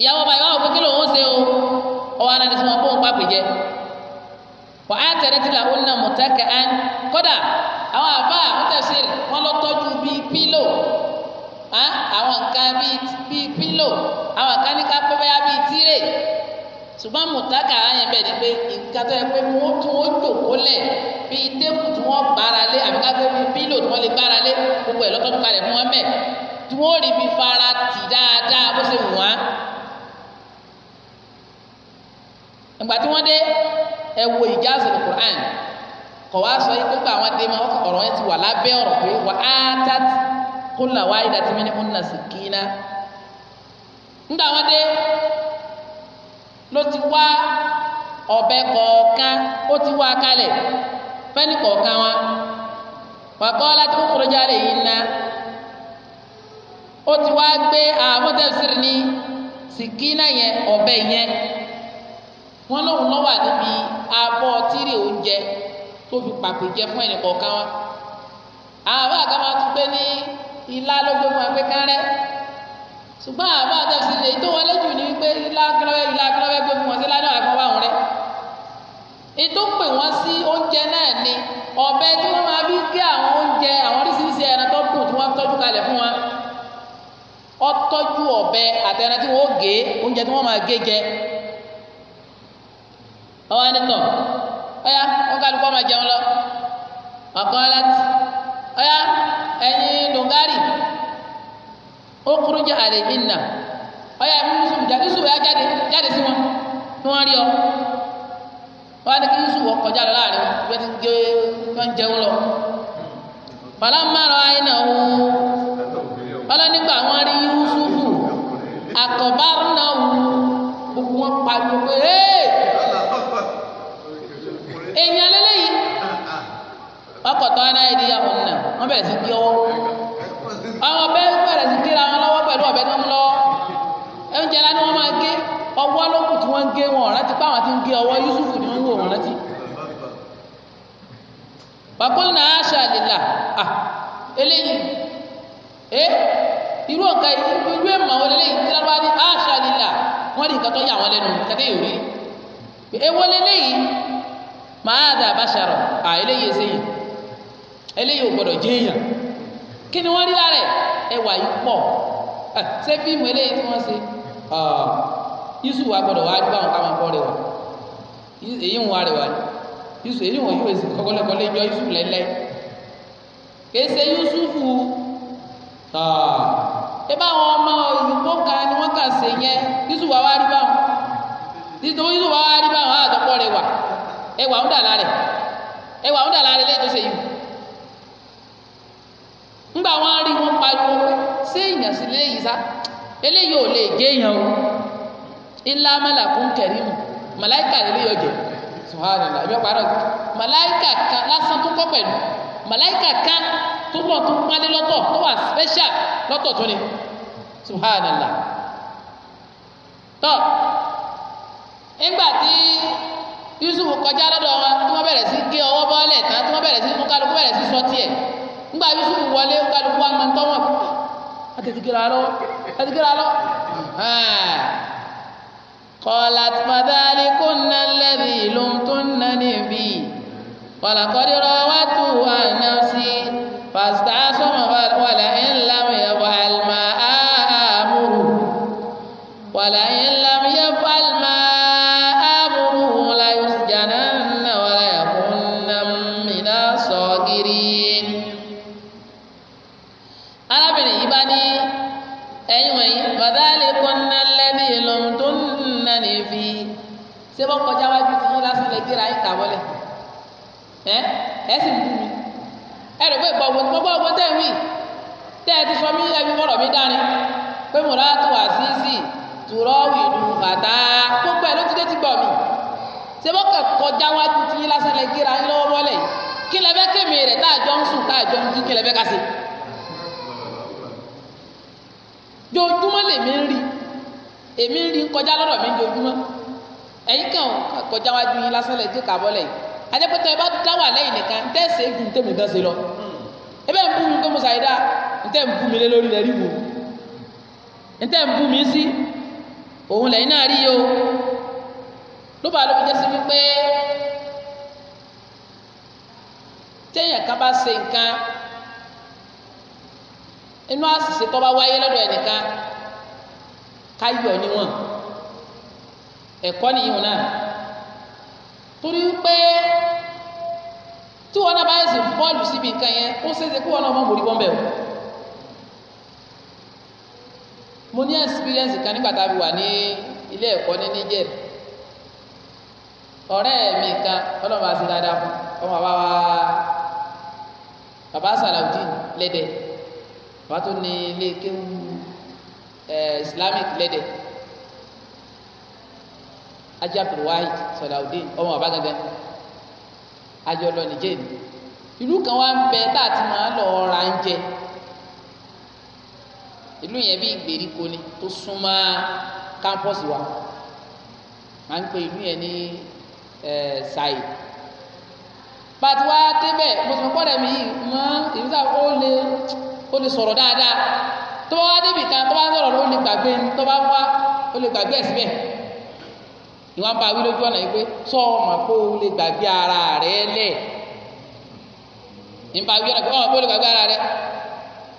S1: ìyàwó ọba ìwà òkú kí ló ń ṣe o ọwọ́ ara ni tí wọ́n kó ń pàpè jẹ wà á tẹ̀lé tí làwọn náà mọ̀ tẹ́kẹ̀ án kódà àwọn àbá àtẹ̀sí wọn lọ tọ́jú bíi pílò àwọn nǹkan bíi pílò àwọn nǹkan ní ká pẹ́ bẹ́yà bíi tírè ṣùgbọ́n mùtákà ayẹn bẹ́ẹ̀ ni pé nǹkan tó yẹ pé wọ́n tún wọ́n jòkó lẹ̀ bíi téèpù tí wọ́n gbára lé àbí ká pé bíi pílò tí wọ́n lè gbára lé gbogbo ẹ̀ lọ́tọ́jú kalẹ̀ fún wọn mẹ́ tí wọ́n rí bíi fara tì dáadáa bó ṣe wù wọ́n. ìgbà tí wọ́n dé ẹ wo Qur'an kọ̀ wá sọ yìí pípa àwọn yẹn ti wà lábẹ́ ọ̀rọ̀ pé wà á tàt kúlà wá ìdá tí mímú nà sí kíná nígbà wọ́n dé ló ti wá ọ̀bẹ kọ̀ọ̀kan ó ti wá kalẹ̀ fẹ́ni kọ̀ọ̀kan wa wàkọ́ láti jáde yìí ó ti wá gbé àwọn sìkínà yẹn yẹn. wọn lóun lọ wà níbi abọ́ tírì oúnjẹ tó fi pàpè jẹ fún ẹnì kọ̀ọ̀kan wa àbá àga máa tún pé ní ilá ló gbé fún ẹgbẹ́ kárẹ́ ṣùgbọ́n àbá àtẹ̀sí lè tó wọlé jù ní pé ilá kẹrẹ́wẹ́ ilá kẹrẹ́wẹ́ gbé fún wọn sí ládàá àgbọn báwọn rẹ ètò ń pè wọ́n sí oúnjẹ náà ni ọ̀bẹ tí wọ́n máa fi gé àwọn oúnjẹ àwọn oríṣiríṣi ẹran tó dùn tí wọ́n tọ́jú kalẹ̀ fún wa ọ tọ́jú ọ̀bẹ àtẹran tí wọ́n gé oúnjẹ tí wọ́n máa gé jẹ ọwọ́ anitọ̀ ọ̀yá wọn kálukú ọmọ jẹun lọ ọ̀kan aláti ọ̀yá ẹ̀yin dùngárì ó kúrú jẹ àlè ìnà ọ̀yá ẹ̀mú yusuf jáde yusuf yá jáde jáde sí wọn kí wọ́n rí ọ wọ́n á ní kí yusuf ọkọjá lọ láàrin wọn ti gé wọn jẹun lọ bàlá márùn ayé náà wò
S2: ọlọ́nìgbà wọn rí yusuf
S1: àkọ́bárùn náà wò gbogbo wọn pariwo pé ẹ́ẹ́.
S2: èèyàn lélẹ́yìí
S1: ọkọtọ tó aná di ìyàwó nà sí kí àwọn sí wọn lọ́wọ́ pẹ̀lú ọbẹ̀ tó ń lọ oúnjẹ lá ni wọ́n máa gé lókù tí gé wọn pé àwọn ti ń gé Yusuf ni ń wò rántí. bàbáwò náà aṣọ àlèlà eléyìí ẹ irú irú ẹ̀ màwọn eléyìí tí ní aṣọ àlèlà rí nǹkan tó yà máa dà báṣarọ̀ à eléyìí sẹ́yìn eléyìí ò gbọ́dọ̀ jẹ́yàn kí ni wọ́n rí lára ẹ̀ ẹwà yìí pọ̀
S2: ṣé fíìmù eléyìí tí wọ́n ṣe
S1: yusuf wa gbọ́dọ̀ wá rí báwọn ká máa kọ́ rẹ̀ wá èyí ń wá rẹ̀ wá yusuf èyí wọ̀nyí ò sì kọ́kọ́lẹ́kọ́ jọ yusuf lẹ́lẹ́ kìí ṣe yusuf ẹ báwọn ọmọ òyìnbó kan ni wọ́n kà ṣe yẹn yusuf wa wá rí báwọn nítorí wa ẹwà ń dà lára ẹwà ń dà lára lẹ́yìn tó ṣe yìí ńgbà wọn rí wọn pariwo pé ṣé èèyàn sí léyìí sá eléyìí ò lè gé èèyàn o ńlá mọ́làkùn kẹrìmù màláìkà lè yọ jẹ subhanallah ẹ̀mí ọ̀pá náà màláìkà kan lásán tó kọ́ pẹ̀lú màláìkà kan tó pọ̀ tó pálí lọ́tọ̀ tó wà special lọ́tọ̀ tó ni subhanallah tọ́ ńgbà tí yusuf kọjá lọ́dọ̀ wọn tí wọ́n bẹ̀rẹ̀ sí gé ọwọ́ bọ́ọ̀lẹ̀ tán tí wọ́n bẹ̀rẹ̀ sí kálukú bẹ̀rẹ̀ sí sọ tiẹ̀ ńgbà yusuf wọlé kálukú wa máa ń tọ́wọ̀n àtẹ̀tìkìrà lọ àtẹ̀tìkìrà lọ. قالت فذلكن الذي لمتنني فيه ولقد راودته عن نفسي فاستعصم ولئن لم يفعل ما آمره ولئن ẹ sì ń bú mi ẹ rò pé gbogbo gbogbo ọgbọ́n tẹ̀ wí tẹ́ ẹ ti sọ mí ẹbí bọ̀rọ̀ mi dání pé mo rà tó àṣìṣì tùrọ́wì lù bàtà gbogbo ẹ̀ ló ti dé ti gbọ̀ mí ṣebọ́ kẹ̀ kọjá wá ju ti yín lásán lẹ gíra yín lọ́wọ́ mọ́lẹ̀ kí lẹ bẹ́ kémi rẹ̀ tá a jọ ń sùn tá a jọ ń jí kí lẹ ká ṣe. jojúmọ́ lèmi ń rí èmi ń rí kọjá lọ́dọ̀ mi jojúmọ́ ẹ̀yin kàn kọjá wájú yín lásán lẹ dé kàbọ́lẹ̀ yìí ajẹ́pẹ́tẹ́ ẹ bá dá wà lẹ́yìn nìkan ntẹ́ ṣe é ju ntẹ́mi gan ṣe lọ ẹ bẹ́ẹ̀ mi pé mo ṣàyẹ̀dá ntẹ́ ń bú mi lé lórí rẹ̀ rí wò ntẹ́ mi sí òun lẹ́yìn náà rí yìí o ló bá lóbi jẹ́sí wípé téèyàn kan bá ṣe nǹkan inú àṣìṣe tó bá wáyé lọ́dọ̀ ẹnìkan ká yọ̀ níwọ̀n ẹ̀kọ́ nìyí wọn náà torí pé tí wọn náà bá sì bọ́ọ̀lù síbi nǹkan yẹn ó ṣeéṣe kí wọn náà mọ̀ mórí bọ́ńbẹ́ o. mo ní experience kan nígbà tá a fi wà ní ilé ẹ̀kọ́ ní Niger ọ̀rẹ́ mi kan ọlọ́mọ àti dáadáa fún ọmọ bàbá wa bàbá Salaudeen lẹ́dẹ̀ bàbá tó ní ilé kéwú Islamic lẹ́dẹ̀ ajabdulwahid Salaudeen ọmọ bàbá gangan àjọ lọ nìjẹ́ ni ìlú kan wá ń bẹ tá a ti máa lọ ra ń jẹ ìlú yẹn bí ìgbèríko ni tó súnmọ́ kámpọ́sì wa máa ń pe ìlú yẹn ní ṣáì pàtí wá débẹ̀ mo sì mọ pọ́dẹ̀ mi yìí mọ́ ìlú sáà ó lè ó lè sọ̀rọ̀ dáadáa tó bá wá débì kan tó bá sọ̀rọ̀ ló lè gbàgbé tó bá wá ó lè gbàgbé ẹ̀ síbẹ̀ ìwọ́n bá wí lójú ọ̀nà yìí pé sọ ọmọ pé o lè gbàgbé ara rẹ lẹ̀ ìbá wí ọ̀nà pé ọmọ pé o lè gbàgbé ara rẹ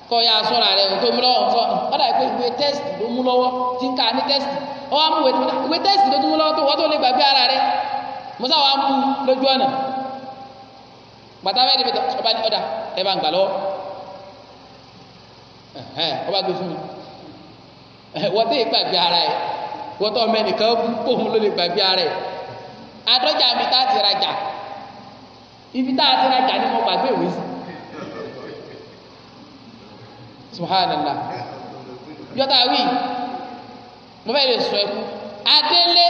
S1: kọ́ ya sọ́ra rẹ òun tó mú lọ́wọ́ nǹkan ọ̀dà yìí pé ìwé tẹ́sì ló mú lọ́wọ́ tí ń ka ní tẹ́sì ọwọ́ mú ìwé tẹ́sì ló tún mú lọ́wọ́ tó wọ́n tó lè gbàgbé ara rẹ musa wa mú lójú ọ̀nà gbàtà bẹ́ẹ̀ ni bẹ́ẹ̀ ọba ní ọ̀dà ẹ bá ń gbà lọ́wọ́ ọba gbé fún mi wọ́n tẹ́ ìgbàgbé ara yìí wọ́tọ̀ mẹ́nìkan kóhun ló lè gbàgbé ara ẹ̀ adọ́jà mi tá a ti rajà ibi tá a ti rajà ni mo gbàgbé ìwé sí subhanallah yọta wi mo fẹ́ lè sọ ẹkú adélé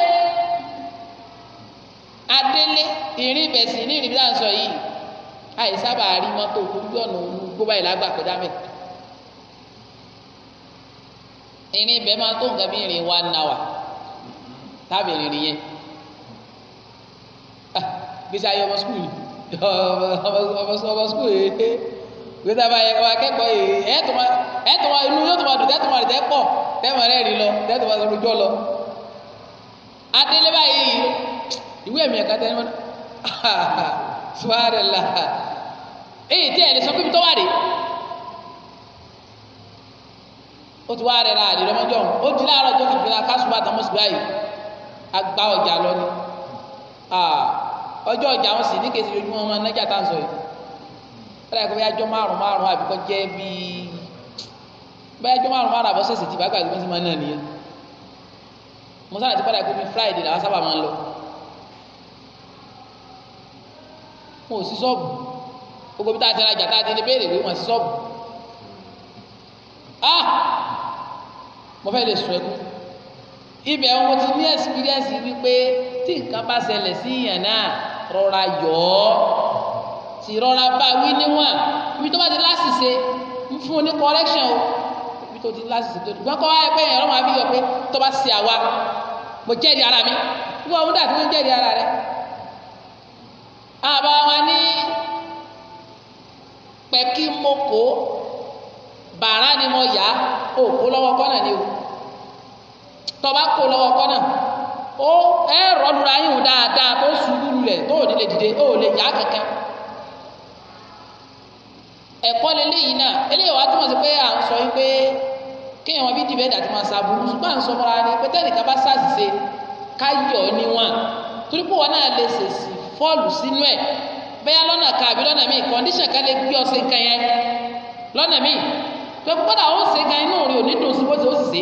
S1: adélé ìrìn ìbẹ̀sìn ní ìrìn bí táà ń sọ yìí àìsábà rí mọ́tò gbogbo ọ̀nà gbogbo báyìí lágbà kọjá mẹ́ ìrìn ibẹ̀ máa tó nǹkan bí ìrìn one hour tábìrin nìyẹn gbèsè ah, ayé ọmọ skul ọmọ skul yìí gbèsè ayé ọmọ akẹ́kọ̀ọ́ yìí ẹ̀ẹ́dùn wa inú yóò tún wa dùn tẹ́tùn wa tẹ́ pọ̀ tẹ́mọ̀ rẹ̀ rí lọ tẹ́tùn wa rojọ́ lọ. adélé báyìí ìwé ẹ̀mí ẹ̀ka tẹ́ ẹ mọ́ná subhanallah èyí tí ẹ̀ lè sọ pé ibi tó wà rèé ó ti wá rẹ̀ rà àdìrẹ́mọ́jọ́ ó ti láàárọ̀ tó ti fi ra yìí agbá ọjà lọ ni ọjọ́ ọjà wọn sì ní kí èsì ojúmọ́ wọn nájà tá à ń sọ yìí bẹ́ẹ̀ kó bẹ́ẹ̀ ajọ́ márùn-ún márùn-ún àbíkọ́ jẹ́ bíi bẹ́ẹ̀ ajọ́ márùn-ún márùn-ún àbọ̀sẹ̀sẹ̀ tì bá gbàgbé wọn sì máa ń nà nìyẹn mo sábà ti padà pé mi friday làwọn sábà máa ń lọ mo ò sí sọ́ọ̀bù gbogbo bí tá rajà tá a béèrè pé sí sọ́ọ̀bù ah mo fẹ́ lè sùn ẹkún ibẹ̀ wọn ti ní ẹ̀sìpírẹ́sì wípé tí nǹkan bá ṣẹlẹ̀ sí ìyàn náà rọra yọ̀ ọ́ sì rọra bá wí níwọ̀n ibi tó bá ti láṣìṣe ń fún un ní correction o ibi tó ti láṣìṣe tó ti gbọ́n kọ́ wáyé pé èèyàn ọlọ́run àbí yọ pé tó bá ṣe àwa mo jẹ́rìí ara mi wíwọ́n ọ̀hún dàtí ló ń jẹ́rìí ara rẹ. àbá wa ní pẹ́kí mo kó bàrá ni mo yá òkú lọ́wọ́ kọ́nà ni o tọba kó lọ́wọ́ kọ́nà ó ẹ rọlùra yín dáadáa tó sùúrù rẹ̀ tó ò ní lè dìde ó lè yá kankan ẹ̀kọ́ lélẹ́yìí náà eléyìí wàá túmọ̀ sí pé à ń sọ yín pé kéèyàn wọn bí dìbẹ́dà ti máa ṣàbùkù ṣùgbọ́n à ń sọ fúnra ni pé tẹ́nìkan bá ṣàṣìṣe káyọ̀ níwọ̀n torí pé wọn náà lè ṣèṣì fọ́ọ̀lù sínú ẹ̀ bẹ́ẹ̀ lọ́nà kan àbí lọ́nà míì kọ́ndíṣàn kan lè gbé ọ ṣe nǹkan yẹn lọ́nà míì tó kọ́dà ó ṣe gan inú rẹ̀ ò ní dùn sí bó ó sì ṣe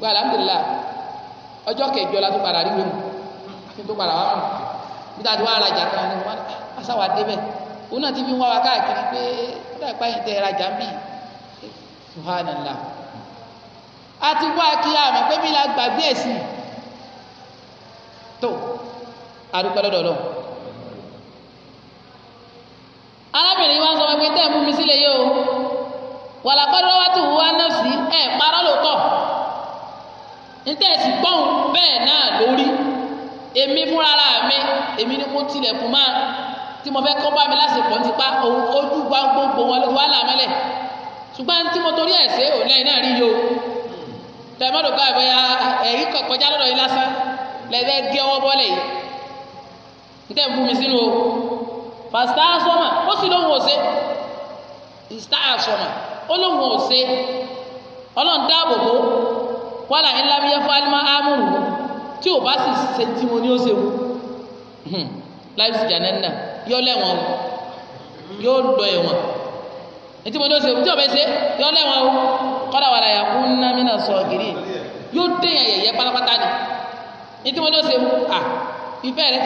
S1: gba alhamdulilá ọjọ́ kẹjọ la tó padà rí wéwu àfi tó padà wá wọn níta tí wọn arajà kan ní wọn ah, asáwà débẹ̀ òun náà ti fi ń wá wa káàkiri pé kódà ìpá yìí tẹ ẹrajà ń bì subhanallah àti wá kí a mọ̀ pé mi la gbàgbé ẹ̀sìn tó àdúgbò lọ́dọ̀ lọ. arábìnrin wa sọ pé tẹ́ ẹ̀ mú mi sílẹ̀ yìí o wàlàkọ́dọ́wọ́tò wa náà sí ẹ̀ parọ́ lóòótọ́ nítẹ̀sí gbọ́n bẹ́ẹ̀ náà lórí èmi fúnra mi èmi ni mo tilẹ̀kùn máa tí mo fẹ́ kọ́ bá mi lásìkò ń tipa ojú wa gbogbo wọn wà lámẹ́lẹ̀ ṣùgbọ́n tí mo torí ẹ̀ ṣe ò lẹ́yìn náà rí yo tẹ̀mọ́dọ̀ kọ́ àbẹ̀yà ẹ̀yìn kọjá lọ́dọ̀ yìí lásán lẹ́fẹ́ gé ọwọ́ bọ́lẹ̀ yìí níta ìbú mi sínú o pásítà sọmà ó sì lóhùn òsè ìsítà sọmà ó lóhùn òsè ọlọ́run dáàbò bò ó wàhálà ńlá mi yẹ fún alimá amúrù tí ò bá sì ṣe tí mo ní ó ṣe wù hmm. láì sì jàǹdà nà yọ lẹ́wọ̀n o yóò lọ ẹ̀wọ̀n ètí mo ní ó ṣe wù tí ò bá ṣe yọ lẹ́wọ̀n o kọ́lá wàhálà yà kú ńná mi nà sọ gírí yóò déyàn yẹ̀yẹ́ pátápátá ni ètí mo ní ó ṣe wù à ìfẹ́ rẹ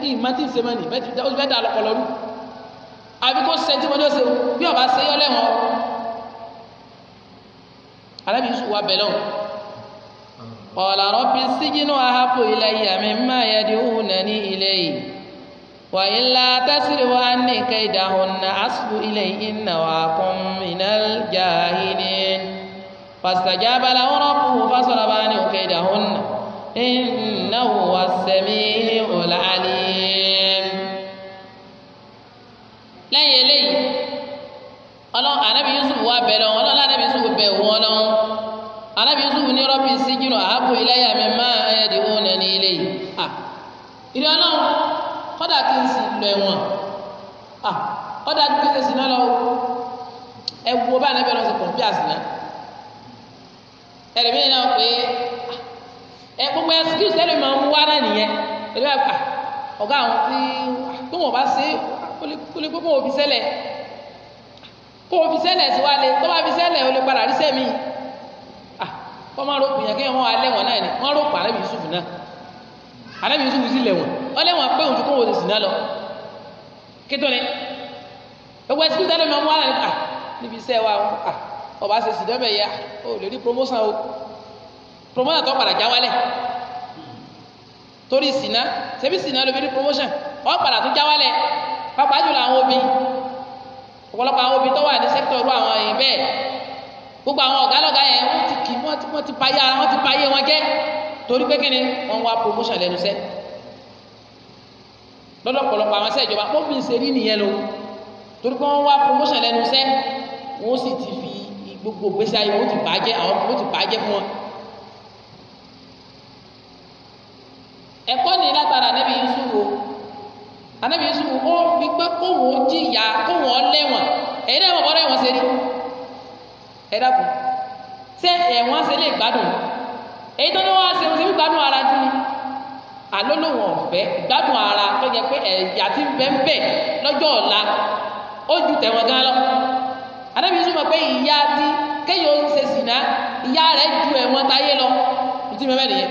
S1: ti ìmọ̀ tí ń ṣe ni bẹ́ẹ̀ dà lọ́pọ̀lọ́ rú àbí kó ṣe tí mo ní ó ṣe wù bí ò bá ṣe yọ lẹ́wọ̀n o alábìyí sùn wà bẹ̀ lọ́wọ́. قال رب السجن أحب إلي مما يدعونني إليه وإلا تصرف عني كيدهن أصب إليهن وأكن من الجاهلين فاستجاب له ربه فصرف عنه كيدهن إنه هو السميع العليم lẹ́yìn eléyìí ọlọ́run ànábì yusuf wà bẹ̀rẹ̀ ọlọ́run ànábì yusuf bẹ̀ wọ́n
S2: lọ́wọ́. anábì yusuf ní rọ́bì sígìrò àhábò iléyà ile ya ẹ̀ẹ́dì òun ní ilé
S1: yìí à ìrì ọlọ́run kọ́dà kí n sì lọ ẹ̀wọ̀n à kọ́dà kí n sì lọ ẹ bá anábì ọlọ́run sì pọ̀ bí àsìná ẹ̀rì mìíràn pé
S2: ẹ gbogbo ẹsikúùsì tẹ́lẹ̀ máa ń wá náà nìyẹn
S1: bá pa àwọn tí wọn bá kọ́ máa rògbò yẹn kéèyàn máa wà lẹ́wọ̀n náà ni wọ́n rògbò alẹ́ Yusuf náà alẹ́ Yusuf sì lẹ̀wọ̀n wọ́n lẹ́wọ̀n pé òun kò wọ́n ti sìn náà lọ kétó ni
S2: gbogbo ẹtí kúta lẹ́nu ọmọ wa náà
S1: níbi iṣẹ́ wa ọba ṣe sì dọ́bẹ̀ yá o lè rí promotion o promotion tó padà já wálẹ̀ torí sìnà ṣebí sìnà ló fi rí promotion ọ̀ padà tó já wálẹ̀ pápá jùlọ àwọn obì ọ̀pọ̀lọpọ̀ àwọn obì tó wà ní sẹ́kítọ̀ ru àwọn èèyàn bẹ́ẹ̀ gbogbo àwọn ọ̀gá lọ́gá yẹn wọ́n ti kì wọ́n ti wọ́n ti payá wọ́n ti payé wọn jẹ́ torí pé kíni wọ́n wá promotion lẹ́nu sẹ́ lọ́dọ̀pọ̀lọpọ̀ àwọn sẹ́ ìjọba pọ́ńpì ń serí nìyẹn lò torí pé wọ́n wá promotion lẹ́nu sẹ́ wọ́n sì ti fi gbogbo gbèsè ayé wọ́n ti bàjẹ́ àwọn wọ́n ti bàjẹ́ fún wọn. ẹ̀kọ́ ni látara anábì yusufu anábì yusufu ó fi pé kóhùn ó jìyà kóhùn ó lẹ́wọ̀n ẹ̀yin náà mọ̀ bọ́dọ̀ ẹ̀wọ̀n ṣe rí ẹ dàpọ̀ ṣé ẹ̀wọ̀n ṣe lè gbádùn èyí tó ní wọ́n á ṣe ń ṣe ń gbádùn ara dún ni àlólòwọ̀n ọ̀fẹ́ gbádùn ara tó jẹ pé ẹ̀yà ti bẹ́ẹ̀ lọ́jọ́ ọ̀la ó ju tẹ̀wọ̀n gan lọ adábí yusuf mọ̀ pé ìyá ti kéèyàn ó ṣe sìnà ìyá rẹ̀ ju ẹ̀wọ̀n táyé lọ ìdí mẹ́fẹ́ nìyẹn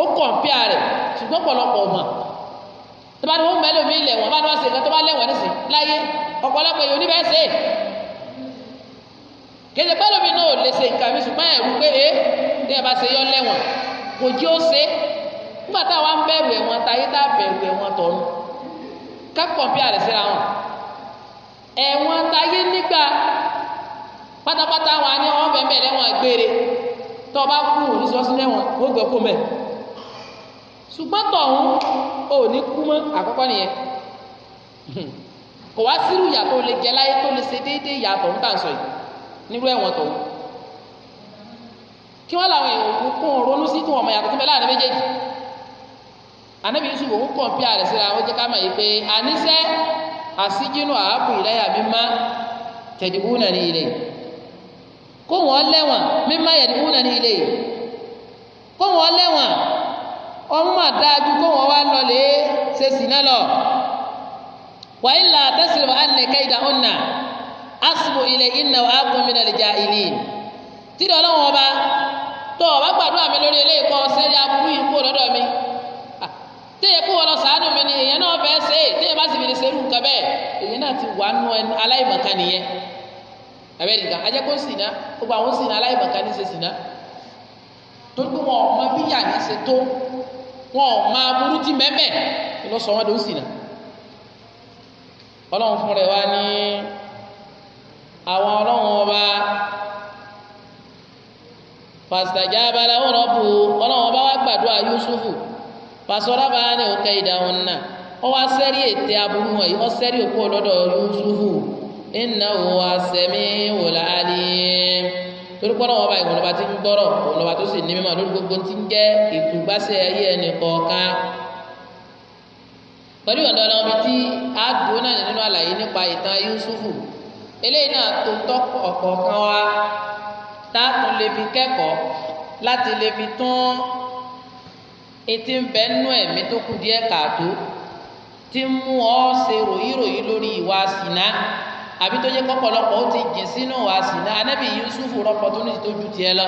S1: ó kọ̀ǹpìà rẹ̀ ṣùgbọ́n pọ̀lọpọ̀ ọ̀mà tó bá ní wọ́n mẹ́lòmí lẹ̀wọ̀n bá ní wọ́n ṣe nǹkan tó bá lẹ̀wọ̀n nísìn láyé ọ̀pọ̀lọpọ̀ èèyàn oníbẹ̀ẹ́sẹ̀ kẹsẹ̀ pẹ́ lómi náà ò lè ṣe nǹkan mi ṣùgbọ́n ẹ̀rù pé e ní ẹ̀ bá ṣe yọ lẹ́wọ̀n kò jí ó ṣe nígbà táwa ń bẹ̀rù ẹ̀wọ̀n tayé tá bẹ̀rù ẹ̀wọ̀n tọ̀run kẹ́kọ̀ọ́ bí àrẹ̀ síra wọn ẹ̀wọ̀n tayé nígbà pátápátá wa ni wọ́n fẹ́ bẹ̀rẹ̀ wọn gbére tó o bá kú òní sọ́sí lẹ́wọ̀n ó gbẹ kó mẹ́ ṣùgbọ́n tọ̀hún ò ní kú mọ́ àkọ́kọ́ nìyẹn kò wá sírù ìyà lè jẹ láyé tó lè ṣe déédéé ìyà tọ̀hún tà sọ yìí. nírú ẹ̀wọ̀n tó kí wọ́n làwọn èèyàn kún ronú sí tún ọmọ yàtọ̀ tó bẹ láàrin méjèèjì anabi yusuf òun kàn pí àrẹ síra ó jẹ́ ká mọ̀ yìí pé àníṣe àsíjínú àábù ìlẹ́yà mímá tẹ̀dìbú nà ilé kó wọ́n lẹ́wọ̀n mímá yẹ̀dìbú nà ilé kó wọ́n lẹ́wọ̀n ọmọ mà kó wọ́n wá ṣe sì lọ tẹ̀sílẹ̀ wà á ìdáhùn náà. asubu ilẹ̀ iná ààbò mi nàlẹ̀ jà ìlì tí ìdọ̀ ọlọ́run ọba tó ọba gbàdúrà mi lórí eléyìí kọ́ sẹ́rí aburú yìí kú lọ́dọ̀ mi téèyàn kú wọn lọ sàánù mi ni èèyàn náà fẹ́ẹ́ ṣe é téèyàn bá sì fi lè ṣerú nǹkan bẹ́ẹ̀ èèyàn náà ti wà nù aláìmọ̀ká nìyẹn abẹ́ nìkan ajẹ́ kó sìnà gbogbo àwọn sìnà aláìmọ̀ká ní ṣe sìnà torí pé tó wọn ò àwọn ọlọ́run ọba pàṣẹjà abala wọn rọ́pò ọlọ́run ọba wá gbàdúrà Yusufu pàṣọra bá ní òkè ìdáhùn náà ó wá sẹ́rí ètè aburú wọn yìí ó sẹ́rí òkú ọlọ́dọ̀ Yusufu innahu as-sami'ul 'alim torí pọ́nà wọn bá ìwọ̀n ọba ti ń gbọ́rọ̀ ìwọ̀n ọba tó sì ní mímọ́ lórí gbogbo ti ń jẹ́ ìtùgbàsẹ̀ ayé ẹnì kọ̀ọ̀kan pẹ̀lú ọ̀dọ́ ọlọ́run bíi tí a náà nínú àlàyé nípa ìtàn Yusufu eléyìí náà tó tọ́ ọ̀kọ̀ọ̀kan wa táàtún lè fi kẹ́kọ̀ọ́ láti lè fi tún etí ń bẹ nú ẹ̀mí tó kù díẹ̀ káàtó tí ń mú ọ ṣe ròyìnròyìn lórí ìwà sìnà àbí tó yẹ kọ́pọ̀lọpọ̀ ó ti jìn sínú ìwà sìnà anábì Yusuf rọpò tó ní ti tójú tiẹ̀ lọ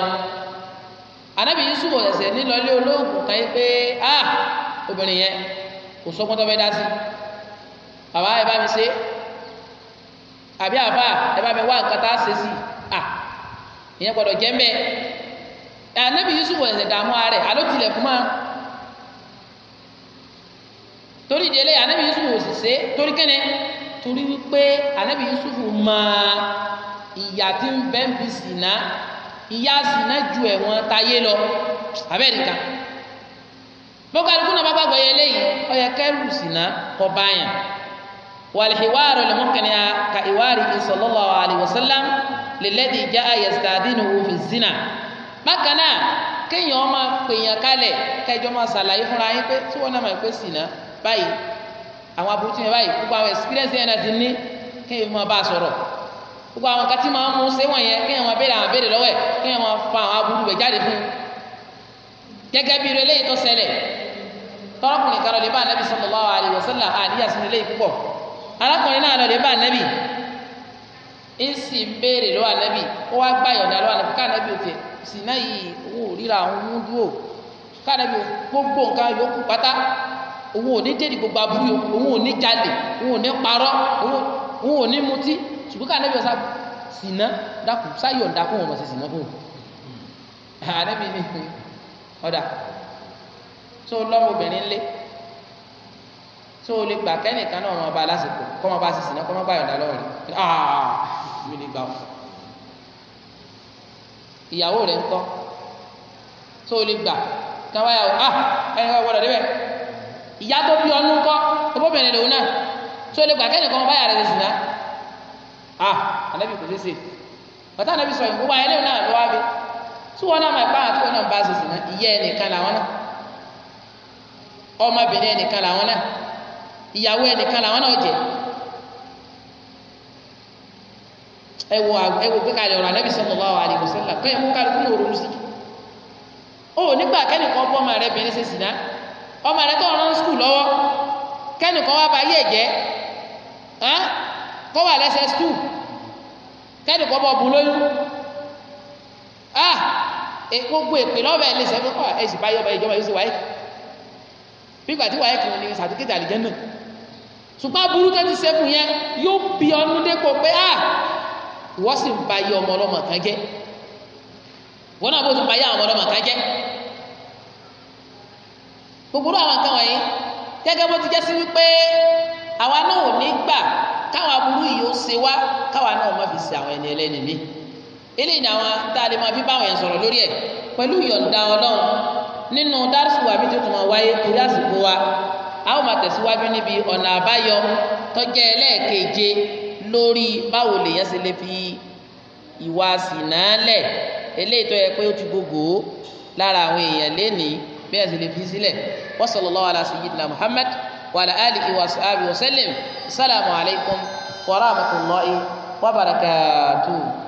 S1: anábì Yusuf ọ̀sẹ̀ nílọlé olóògùn kan yìí pé ah obìnrin yẹn
S2: kò sọ́kún tó fẹ́ dá sí
S1: bàbá ẹ bá mi ṣe é àbí àbá ẹ bá mi wá nǹkan tá a ṣe sí à ìyẹn gbọ́dọ̀ jẹ mẹ ànábì Yusuf ẹsẹ dààmú ààrẹ àló tilẹ̀kùn máa torí ìdílé ànábì Yusuf ò sì ṣe torí kẹ́nẹ́ torí wípé ànábì Yusuf máa ìyà tí ń bẹ́ ń bi sìnà ìyà sìnà ju ẹ̀wọ̀n táyé lọ abẹ́ nìkan bọ́kàlùkù náà bá gbàgbọ́ yẹ lẹ́yìn ó yẹ sìnà kọ́ báyàn. والحوار الممكن كإواره صلى الله عليه وسلم للذي جاء يستأذنه في الزنا bákan náà kéèyàn máa pèèyàn kalẹ̀ kẹjọ máa ṣàlàyé fúnra yín pé tí wọ́n náà máa pè sí náà báyìí àwọn abutu yẹn báyìí gbogbo àwọn experience yẹn náà ti ní kéèyàn máa bá a sọ̀rọ̀ gbogbo àwọn kàtí máa ń mú séwọ̀n yẹn kéèyàn máa béèrè àwọn béèrè lọ́wọ́ ẹ̀ kéèyàn máa fa àwọn abutu rẹ̀ jáde fún un gẹ́gẹ́ bí irú eléyìí tó ṣẹlẹ̀ tọ́lọ́kùnrin kan lọ́ọ́
S2: arákùnrin náà lọ́ọ́ lè bá anabi
S1: ń sì ń béèrè lọ́wọ́ ànábì ó wá gbà ka lọ́wọ́ ànábì káànábì òtẹ̀ sì náà yìí owó ríra àwọn ohun dúró káànábì gbogbo nǹkan yòókù pátá òun ò ní gbogbo aburú òun ò ní jalè òun ò ní parọ́ òun ò ní mutí ṣùgbọ́n káànábì ọ̀sà sì ná dákun sáyọ̀ǹda kóun sì sì ná ní ọ̀dà tó so o lè gbà kẹ́nìkan náà ọmọ ọba lásìkò kọ́ ọmọ ọba sì sìnà kọ́ ọmọ ọba yọ̀ǹda aa ah, mi lè gbà wọ́n ìyàwó rẹ̀ ń so o lè gbà káwá yà wò ah ẹni wọ́n gbọ́dọ̀ débẹ̀ ìyá tó bí ọdún kọ́ ọbọ̀bìnrin lòun náà so o lè gbà kẹ́nìkan ọmọ yàrá rẹ̀ sìnà ah ànábì kò ṣeé ṣe bàtà ànábì sọ ìgbó wa ẹlẹ́wọ̀n náà lọ́wọ́ abẹ tí wọn náà máa gbá àti wọn náà bá ṣe sìnà ìyá ẹnìkan làwọn náà ọmọbìnrin ẹnìkan làwọn náà ìyàwó ẹnìkan làwọn náà jẹ ẹ wo ẹ wo gbẹkalẹ ọ̀rọ̀ alẹbi sallallahu alaihi wasallam kẹyìn kó kálukú ní òrùn sí o nígbà kẹnìkan bọ ọmọ rẹ bẹni ṣe sìná ọmọ rẹ tó rán skul lọ́wọ́ kẹnìkan wá bá yẹ jẹ kọ wà lẹsẹ skul kẹnìkan bọ bu lóyún ah! e, gbogbo èpè lọ́bẹ̀ẹ́ lè sẹ́fún kọ́ ah, ẹ sì bá yọba ìjọba yóò ṣe wáyé bígbà tí wàá kàn ní sàtúkìtì àlìjẹ́nà ṣùgbọ́n aburú tó ti sẹ́kù yẹn yóò bí ọdún dépò pé à ah, ìwọ́ sì ń bayé ọmọ ọlọ́mọ kan jẹ́ wọn náà bó ti bayé àwọn ọlọ́mọ kan jẹ́ gbogbo àwọn nǹkan wọ̀nyí gẹ́gẹ́ bó ti jẹ́ sí wípé àwa náà ò ní gbà
S2: káwa aburú yìí
S1: ó ṣe wá káwa náà má fi ṣe àwọn ẹni ẹlẹ́ni mi eléyìí ni àwọn tá a lè máa fi bá àwọn yẹn sọ̀rọ̀ lórí ẹ̀ pẹ̀lú ìyọ̀ǹda ọlọ́run nínú dárúsù wa bí tuntun máa wáyé torí àsìkò wa a ó máa tẹ̀síwájú níbi ọ̀nà àbáyọ tọ́jẹ́ ẹlẹ́ẹ̀keje lórí báwo lèèyàn ṣe lè fi ìwà sìnàálẹ̀ eléyìí tó yẹ pé ó ti gbogbo lára àwọn èèyàn lénìí bí ẹ̀sìn lè fi sílẹ̀ wa sallallahu ala sayyidina Muhammad wa ala alihi wa sahbihi wa sallam assalamu alaikum wa rahmatullahi